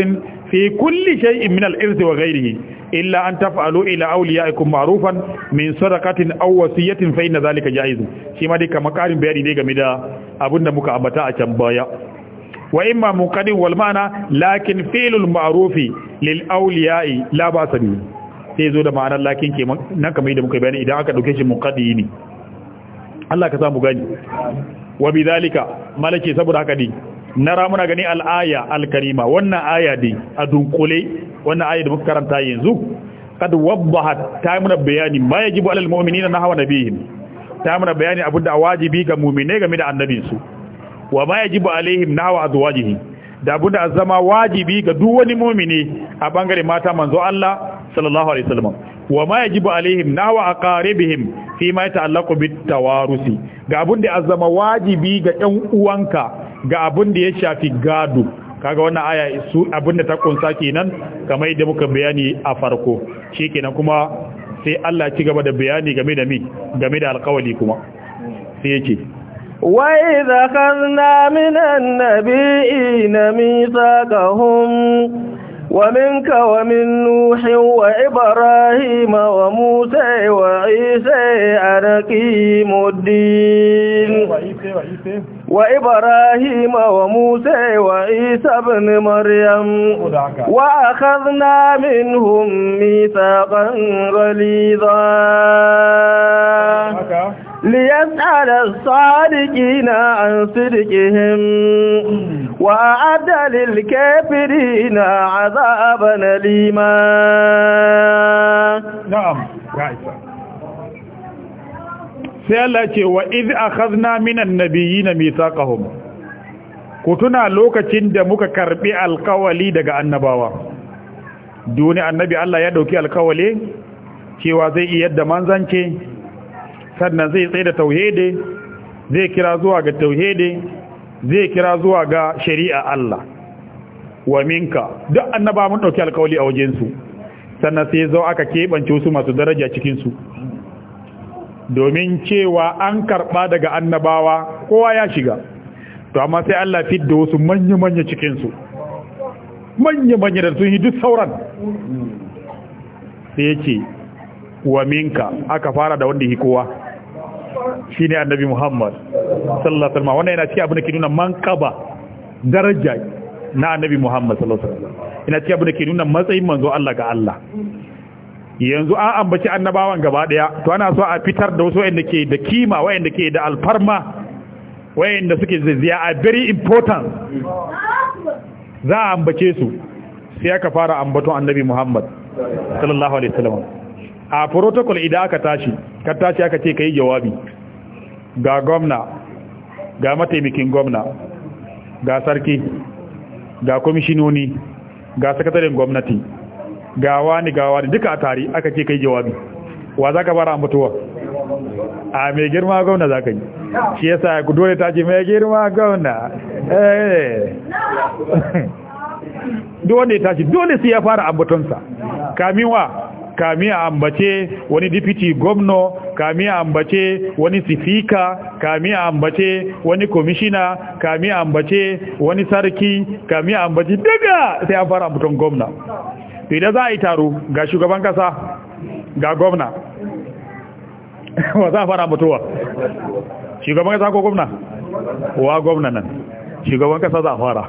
في كل شيء من الإرث وغيره إلا أن تفعلوا إلى أوليائكم معروفا من صدقة أو وصية فإن ذلك جائز شما دي كما قارن بياني دي غمدا أبونا مكا أبتا أشبايا وإما مقدم والمعنى لكن فعل المعروف للأولياء لا بأس به sai zo da ma'anar lakin ke nan kamar yadda muka bayani idan aka dauke shi muqaddi ne Allah ka samu gani wa bidhalika malaki saboda haka din nara muna gani al'aya aya al-karima wannan aya din a dunkule wannan aya da muka karanta yanzu kad wabbaha ta muna bayani ma yajibu alal mu'minina nahwa nabihim ta muna bayani abinda wajibi ga mu'mine game da annabinsu wa ma yajibu alaihim nahwa azwajihi da abinda azama wajibi ga duk wani mumine a bangare mata manzo Allah sallallahu alaihi wasallam wa ma yajibu alaihim nawa aqaribihim fi ma ta'allaqu bit tawarusi ga abun da azama wajibi ga ɗan uwanka ga abun da ya shafi gado kaga wannan aya su abun da ta kunsa kenan kamar yadda muka bayani a farko shikenan kuma sai Allah ci gaba da bayani game da mi game da alƙawali kuma sai yake وإذا خذنا من النبيين ميثاقهم ومنك ومن نوح وإبراهيم وموسى وعيسى أرقيم الدين وإبراهيم وموسى وعيسى بن مريم وأخذنا منهم ميثاقا غليظا ليسأل الصادقين عن صدقهم وأعد للكافرين عذابا أليما نعم يا sai Allah ce wa iz akhadna minan nabiyina mithaqahum ku tuna lokacin da muka karbi alkawali daga annabawa duni annabi Allah ya dauki alkawali cewa zai iya da manzance sannan zai tsaye da tauhidi zai kira zuwa ga tauhidi zai kira zuwa ga shari'a Allah wa minka duk annabawa mun dauki alkawali a wajen su sannan sai zo aka kebance su masu daraja cikin su domin cewa an karɓa daga annabawa kowa ya shiga to amma sai Allah fidda wasu manya-manya cikinsu manya-manya da sun yi duk sauran sai ya ce wa minka aka fara da wanda yi kowa shi ne annabi muhammad sallallahu alaihi wannan yana cikin abin da ke nuna man kaba daraja na annabi muhammad sallallahu alaihi yana cikin abin da ke nuna matsayin manzo Allah ga Allah yanzu an ambaci annabawan gaba daya to ana so a fitar da wasu wayanda ke da kima wayanda ke da alfarma wayanda suke zaziya a very important za a ambace su sai aka fara ambaton annabi Muhammad sallallahu alaihi wasallam a protocol idan aka tashi ka tashi aka ce kai jawabi ga gwamna ga mataimakin gwamna ga sarki ga komishinoni ga sakataren gwamnati gawa ni gawa ni duka a aka ce kai jawabi wa za ka bara mutuwa a mai girma gauna za ka yi shi yasa dole ta ce mai girma gauna eh dole ta ce dole sai ya fara ambatonsa kamiwa kami a ambace wani deputy gwamno kami a ambace wani sifika kami a ambace wani komishina kami a ambace wani sarki kami a ambace daga sai an fara ambaton gwamna to idan za a yi taro ga shugaban kasa ga gwamna wa za a fara mutuwa shugaban kasa ko gwamna wa gwamna nan shugaban kasa za a fara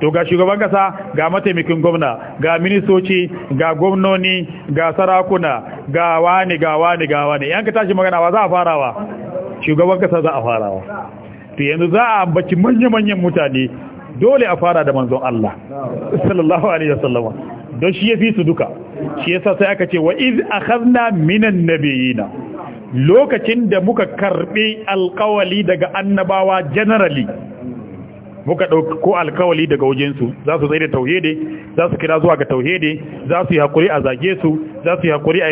to ga shugaban kasa ga mataimakin gwamna ga ministoci ga gwamnoni ga sarakuna ga wani ga wani ga wani yanka tashi magana wa za a farawa shugaban kasa za a farawa to yanzu za a ambaci manya-manyan mutane dole a fara da manzon Allah sallallahu alaihi wasallam don shi ya fi su duka shi yasa sai aka ce wa iz akhadna minan nabiyina lokacin da muka karɓi alkawali daga annabawa generally muka ko alkawali daga wajensu za su tsaye da tauhidi za su kira zuwa ga tauhidi za su yi hakuri a zage su za su yi hakuri a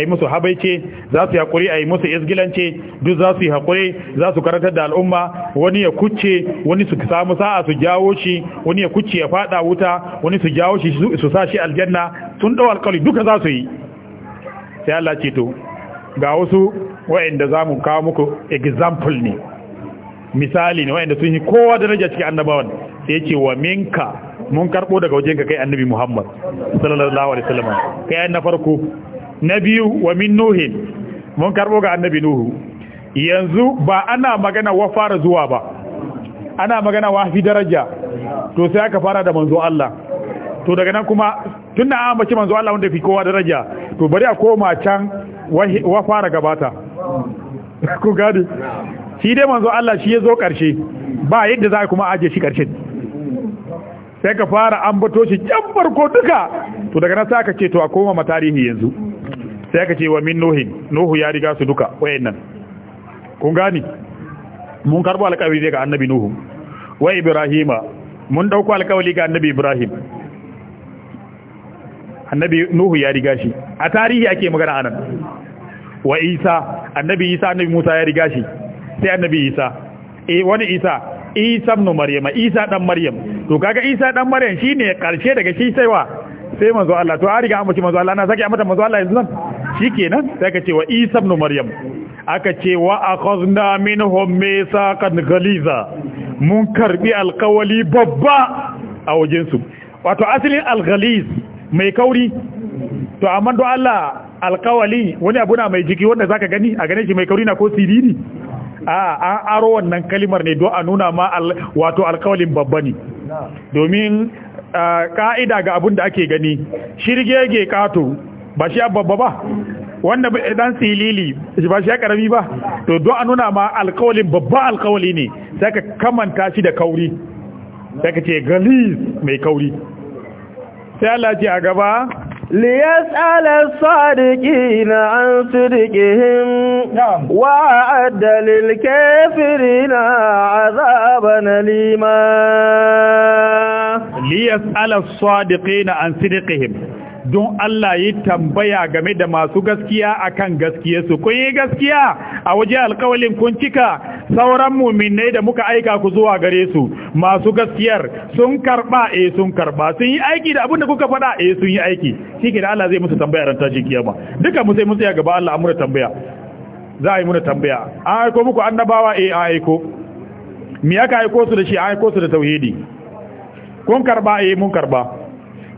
yi musu habaice za su yi hakuri a yi musu isgilance duk za su yi hakuri za su karatar da al'umma wani ya kucce wani su samu sa'a su jawo shi wani ya kucce ya fada wuta wani su jawo shi su sa shi aljanna sun ɗau alkawali duka za su yi sai Allah ce to ga wasu wa'anda zamu kawo muku example ne misali ne wa'anda sun yi kowa daraja cikin annabawan sai ya ce wa minka mun karbo daga wajen ka kai annabi muhammad sallallahu alaihi wasallam kai na farko na biyu wa min nuhi mun karbo ga annabi nuhu yanzu ba ana magana wa fara zuwa ba ana magana wa fi daraja to sai aka fara da manzo Allah to daga nan kuma tunda an ambaci manzo Allah wanda fi kowa daraja to bari a koma can wa fara gabata ku gadi shi dai manzo Allah shi ya zo ƙarshe ba yadda za kuma aje shi ƙarshe sai ka fara ambato shi can farko duka to daga nan sai ka ce to a koma ma tarihi yanzu sai ka ce wa min nuhin nuhu ya riga su duka wayannan kun gani mun karbo alƙawari ga annabi nuhu wa ibrahima mun dauko alƙawari ga annabi ibrahim annabi nuhu ya riga shi a tarihi ake magana anan wa isa annabi isa annabi musa ya riga shi sai annabi isa eh wani isa isa ibn maryam isa dan maryam to kaga isa dan maryam shine karshe daga shi sai wa sai manzo Allah to an riga an mutu manzo Allah na saki amata manzo Allah yanzu nan shikenan sai ka ce wa isa ibn maryam aka ce wa akhadna minhum mithaqan ghaliza mun karbi alkawali babba a wajen su wato asalin alghaliz mai kauri to amma don Allah alkawali wani abu na mai jiki wanda zaka gani a gane shi mai kauri na ko siriri a an aro wannan kalimar ne don a nuna ma wato alkawalin babba ne domin ka'ida ga abin da ake gani shirgege kato ba shi babba ba wanda dan silili ba shi karami ba to don a nuna ma alkawalin babba alkawali ne sai ka kamanta shi da kauri sai ka ce galis mai kauri sai Allah ce a gaba ليسأل الصادقين عن صدقهم وأعد للكافرين عذابا أليما ليسأل الصادقين عن صدقهم don Allah yi tambaya game da masu gaskiya akan gaskiyarsu kun yi gaskiya a waje alkawalin kun cika sauran muminai da muka aika ku zuwa gare su masu gaskiyar sun karba eh sun karba sun yi aiki da abin da kuka faɗa eh sun yi aiki shike da Allah zai musu tambaya ran tashin kiyama duka mu sai mu tsaya gaba Allah amura tambaya za a yi muna tambaya an aiko muku annabawa eh an aiko me aka aiko su da shi an aiko su da tauhidi kun karba eh mun karba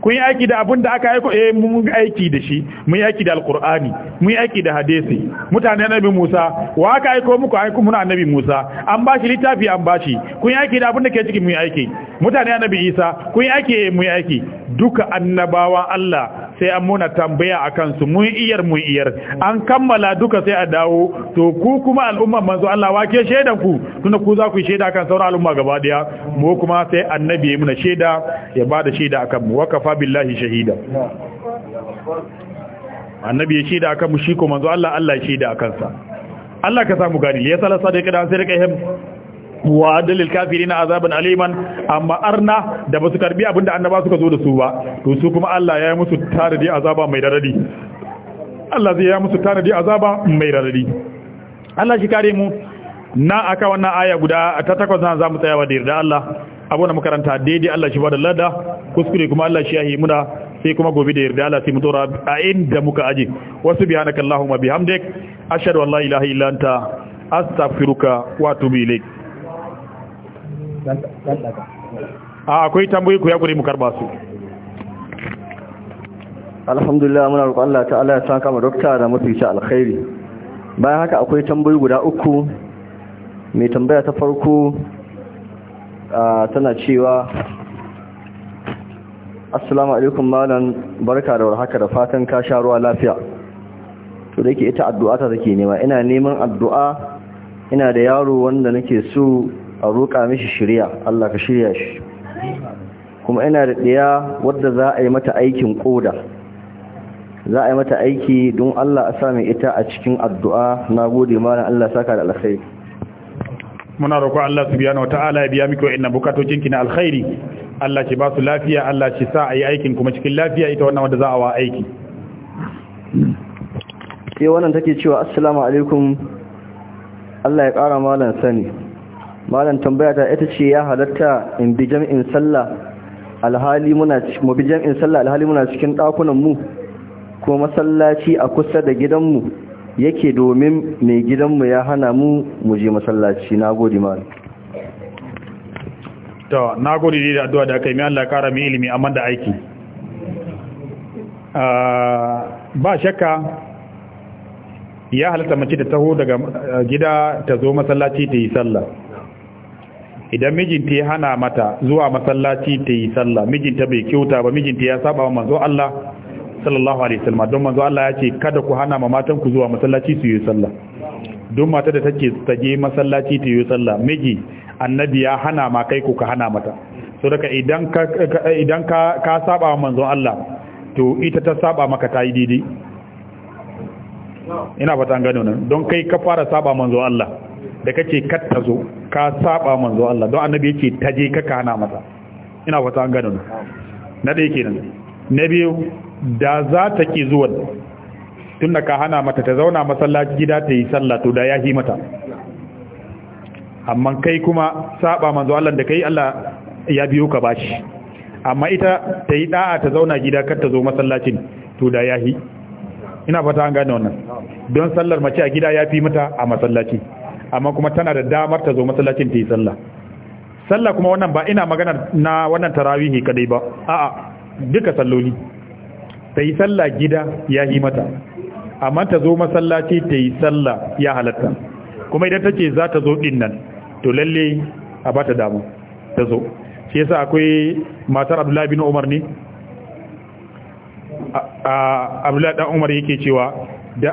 kun yi aiki da abin da aka aiko eh mun aiki da shi mun yi aiki da alqur'ani mun yi aiki da hadisi mutane annabi Musa wa aka aiko muku aiko mun annabi Musa an bashi littafi an bashi kun yi aiki da abin da ke ciki mun yi aiki mutane annabi Isa kun yi aiki eh, mun yi aiki duka annabawa Allah sai an muna tambaya a kansu mun iyar mun iyar an kammala duka sai a dawo to ku kuma al'umma manzo Allah wake shaidan ku tunda ku za ku yi shaida kan sauran al'umma gaba daya mu kuma sai annabi ya muna shaida ya bada shaida akan mu wakafa billahi shahida annabi ya shaida akan mu shi ko manzo Allah Allah ya shaida akan sa Allah ka samu gani ya sala sadiqa da sai da kai wa adalil kafirina azaban aliman amma arna da basu karbi abinda annaba suka zo da su ba to su kuma Allah ya yi musu taradi azaba mai radadi Allah zai ya musu tanadi azaba mai radadi Allah shi kare mu na aka wannan aya guda ta takwas na zamu tsayawa da yarda Allah abu na makaranta daidai Allah shi bada ladda, kuskure kuma Allah shi yahi muna sai kuma gobe da yarda Allah sai mu tora a inda muka aje wasu bihanakallahumma bihamdik ashhadu an la ilaha illa anta astaghfiruka wa atubu ilaik a akwai tambayi ku ya kuri mu karba su alhamdulillah muna roƙon Allah ta'ala ya saka mu dokta da mafici alkhairi bayan haka akwai tambayi guda uku mai tambaya ta farko tana cewa assalamu alaikum malam barka da warhaka da fatan ka sha ruwa lafiya to da ita addu'a ta take nema ina neman addu'a ina da yaro wanda nake so a roƙa mishi shirya Allah ka shirya shi kuma ina da ɗaya wadda za a yi mata aikin ƙoda za a yi mata aiki don Allah a sami ita a cikin addu'a na gode mana Allah saka da alkhairi muna roƙo Allah su subhanahu wata'ala ya biya miki wa'annan bukatocinki na alkhairi Allah ki ba su lafiya Allah ki sa a yi aikin kuma cikin lafiya ita wannan wadda za a wa aiki sai eh, wannan take cewa assalamu alaikum Allah ya ƙara malan sani malam tambaya ta ita ce ya halatta in bi jami'in sallah alhali muna mu bi jami'in sallah alhali muna cikin dakunan mu ko masallaci a kusa da gidan mu yake domin mai gidan mu ya hana mu mu je masallaci nagode malam to nagode da addu'a da kai mai Allah kara mai ilimi amma da aiki ah, ba shakka ya halatta mace ta taho daga gida ta zo masallaci ta yi sallah idan mijinta ya hana mata zuwa masallaci ta yi sallah mijinta bai kyauta ba mijinta ya saba wa manzo Allah sallallahu alaihi wasallam don manzo Allah ya ce kada ku hana matan ku zuwa masallaci su yi sallah don mata da take taje masallaci ta yi sallah miji annabi ya hana ma kai ku ka hana mata so daga idan ka idan ka ka saba wa manzo Allah to ita ta saba maka ta yi daidai ina fata an gano nan don kai ka fara saba manzo Allah da kace kar ta zo ka saba manzo Allah don annabi yake taje ka kana mata ina fata an gano na da yake nan na biyu da za ta ki zuwa tunda ka hana mata ta zauna masallaci gida ta yi sallah to da ya yi mata amma kai kuma saba manzo Allah da kai Allah ya biyo ka bashi amma ita ta yi da'a ta zauna gida kar ta zo masallacin to da ya yi ina fata an gane wannan don sallar mace a gida ya fi mata a masallaci amma kuma tana da damar ta zo masallacin ta yi sallah sallah kuma wannan ba ina magana na wannan tarawihi kadai ba a'a duka salloli ta yi sallah gida ya yi mata amma ta zo masallaci ta yi sallah ya halatta kuma idan ta ce za ta zo din nan to lalle a ba ta damu ta zo shi yasa akwai matar abdullahi bin umar ne abdullahi dan umar yake cewa da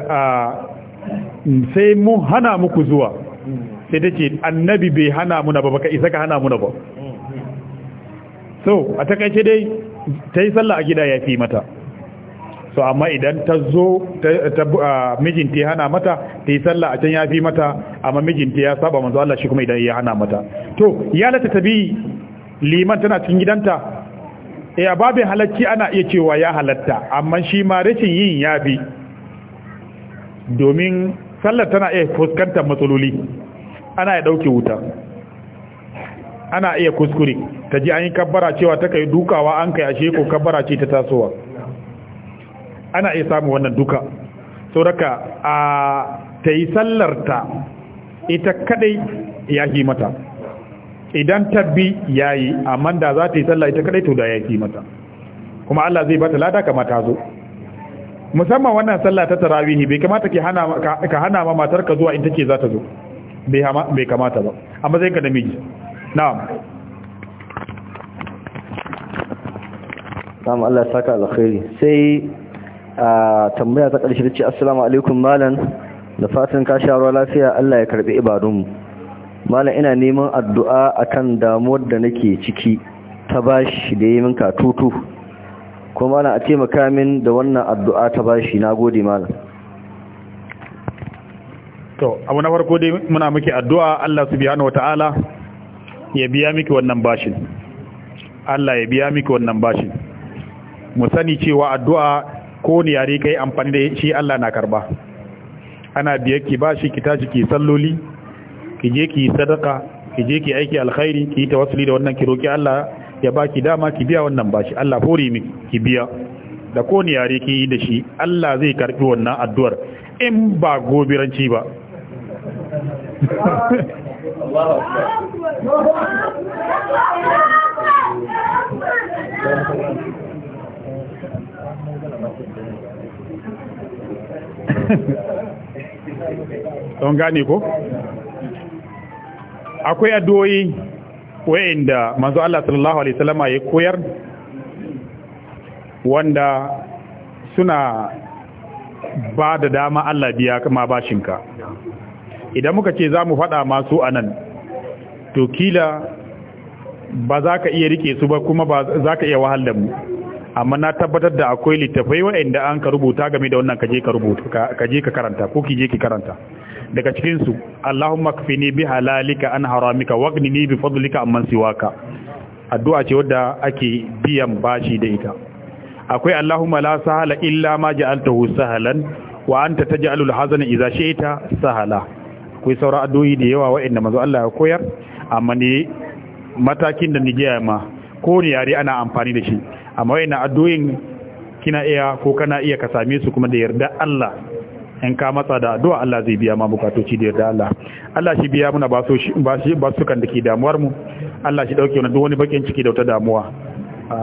sai mu hana muku zuwa sai ta ce annabi bai hana muna ba baka isa ka hana muna ba so a takaice dai ta yi sallah a gida ya fi mata so amma idan ta zo mijinta ya hana mata ta yi sallah a can ya fi mata amma mijinta ya saba manzo Allah shi kuma idan ya hana mata to ya lata tabi liman tana cikin gidanta e a babin halacci ana iya cewa ya halatta amma shi ma rashin yin ya bi domin sallar tana iya fuskantar matsaloli ana ya dauke wuta ana iya kuskure ta ji an yi kabbara cewa ta kai dukawa an kai ashe ko kabbara ce ta tasowa ana iya samun wannan duka sau daga a ta yi sallarta ita kadai ya fi mata idan tabbi ya yi amma da za ta yi sallar ita kadai to da ya fi mata kuma Allah zai bata lada kama ta zo musamman wannan sallah ta tarawihi bai kamata ke hana ka hana ma matar ka zuwa in take za ta zo bai bai kamata ba amma zai ka da miji na'am na'am Allah ya saka alkhairi sai a tambaya ta karshe ce assalamu alaikum malam da fatan ka sha ruwa lafiya Allah ya karbi ibadunmu malam ina neman addu'a akan damuwar da nake ciki ta bashi da yi min katutu kuma ana a taimaka min da wannan addu'a ta bashi na gode malam to abu na farko dai muna miki addu'a Allah subhanahu wata'ala ya biya miki wannan bashin Allah ya biya miki wannan bashin mu sani cewa addu'a ko ne yare kai amfani da shi Allah na karba ana biyar ki bashi ki tashi ki salloli ki je ki sadaka ki je ki aiki alkhairi ki yi tawassuli da wannan ki roki Allah ya baki dama ki biya wannan bashi Allah hore mi ki biya da ko ni yare ki yi da shi Allah zai karbi wannan addu'ar in ba gobiranci ba don gane ko akwai addu'o'i wa'inda manzo Allah sallallahu alaihi wasallama ya koyar wanda suna ba da dama Allah biya bashin ka. idan muka ce zamu mu faɗa masu anan to kila ba za ka iya rike su ba kuma ba za ka iya wahal da mu amma na tabbatar da akwai littafai waɗanda an ka rubuta game da wannan kaje ka rubuta kaje ka karanta ko kije ki karanta daga cikin su Allahumma kfini bi halalika an haramika wagnini bi fadlika amman siwaka addu'a ce wadda ake biyan bashi da ita akwai Allahumma la sahala illa ma ja'altahu sahalan wa anta taj'alu al-hazana idha shi'ta sahala akwai sauran addu'o'i da yawa wa'anda manzo Allah ya koyar amma ne matakin da nige ma ko ne yare ana amfani da shi amma wa'annan addu'o'in kina iya ko kana iya ka same su kuma da yarda Allah in ka matsa da addu'a Allah zai biya ma bukatoci da yarda Allah Allah shi biya muna ba su ba su kan dake damuwar mu Allah shi dauke mana duk wani bakin ciki da wata damuwa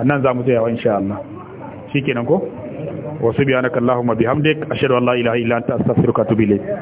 nan zamu tsaya wa insha Allah shikenan ko wa subhanakallahumma bihamdik ashhadu an la ilaha illa anta astaghfiruka wa atubu ilayk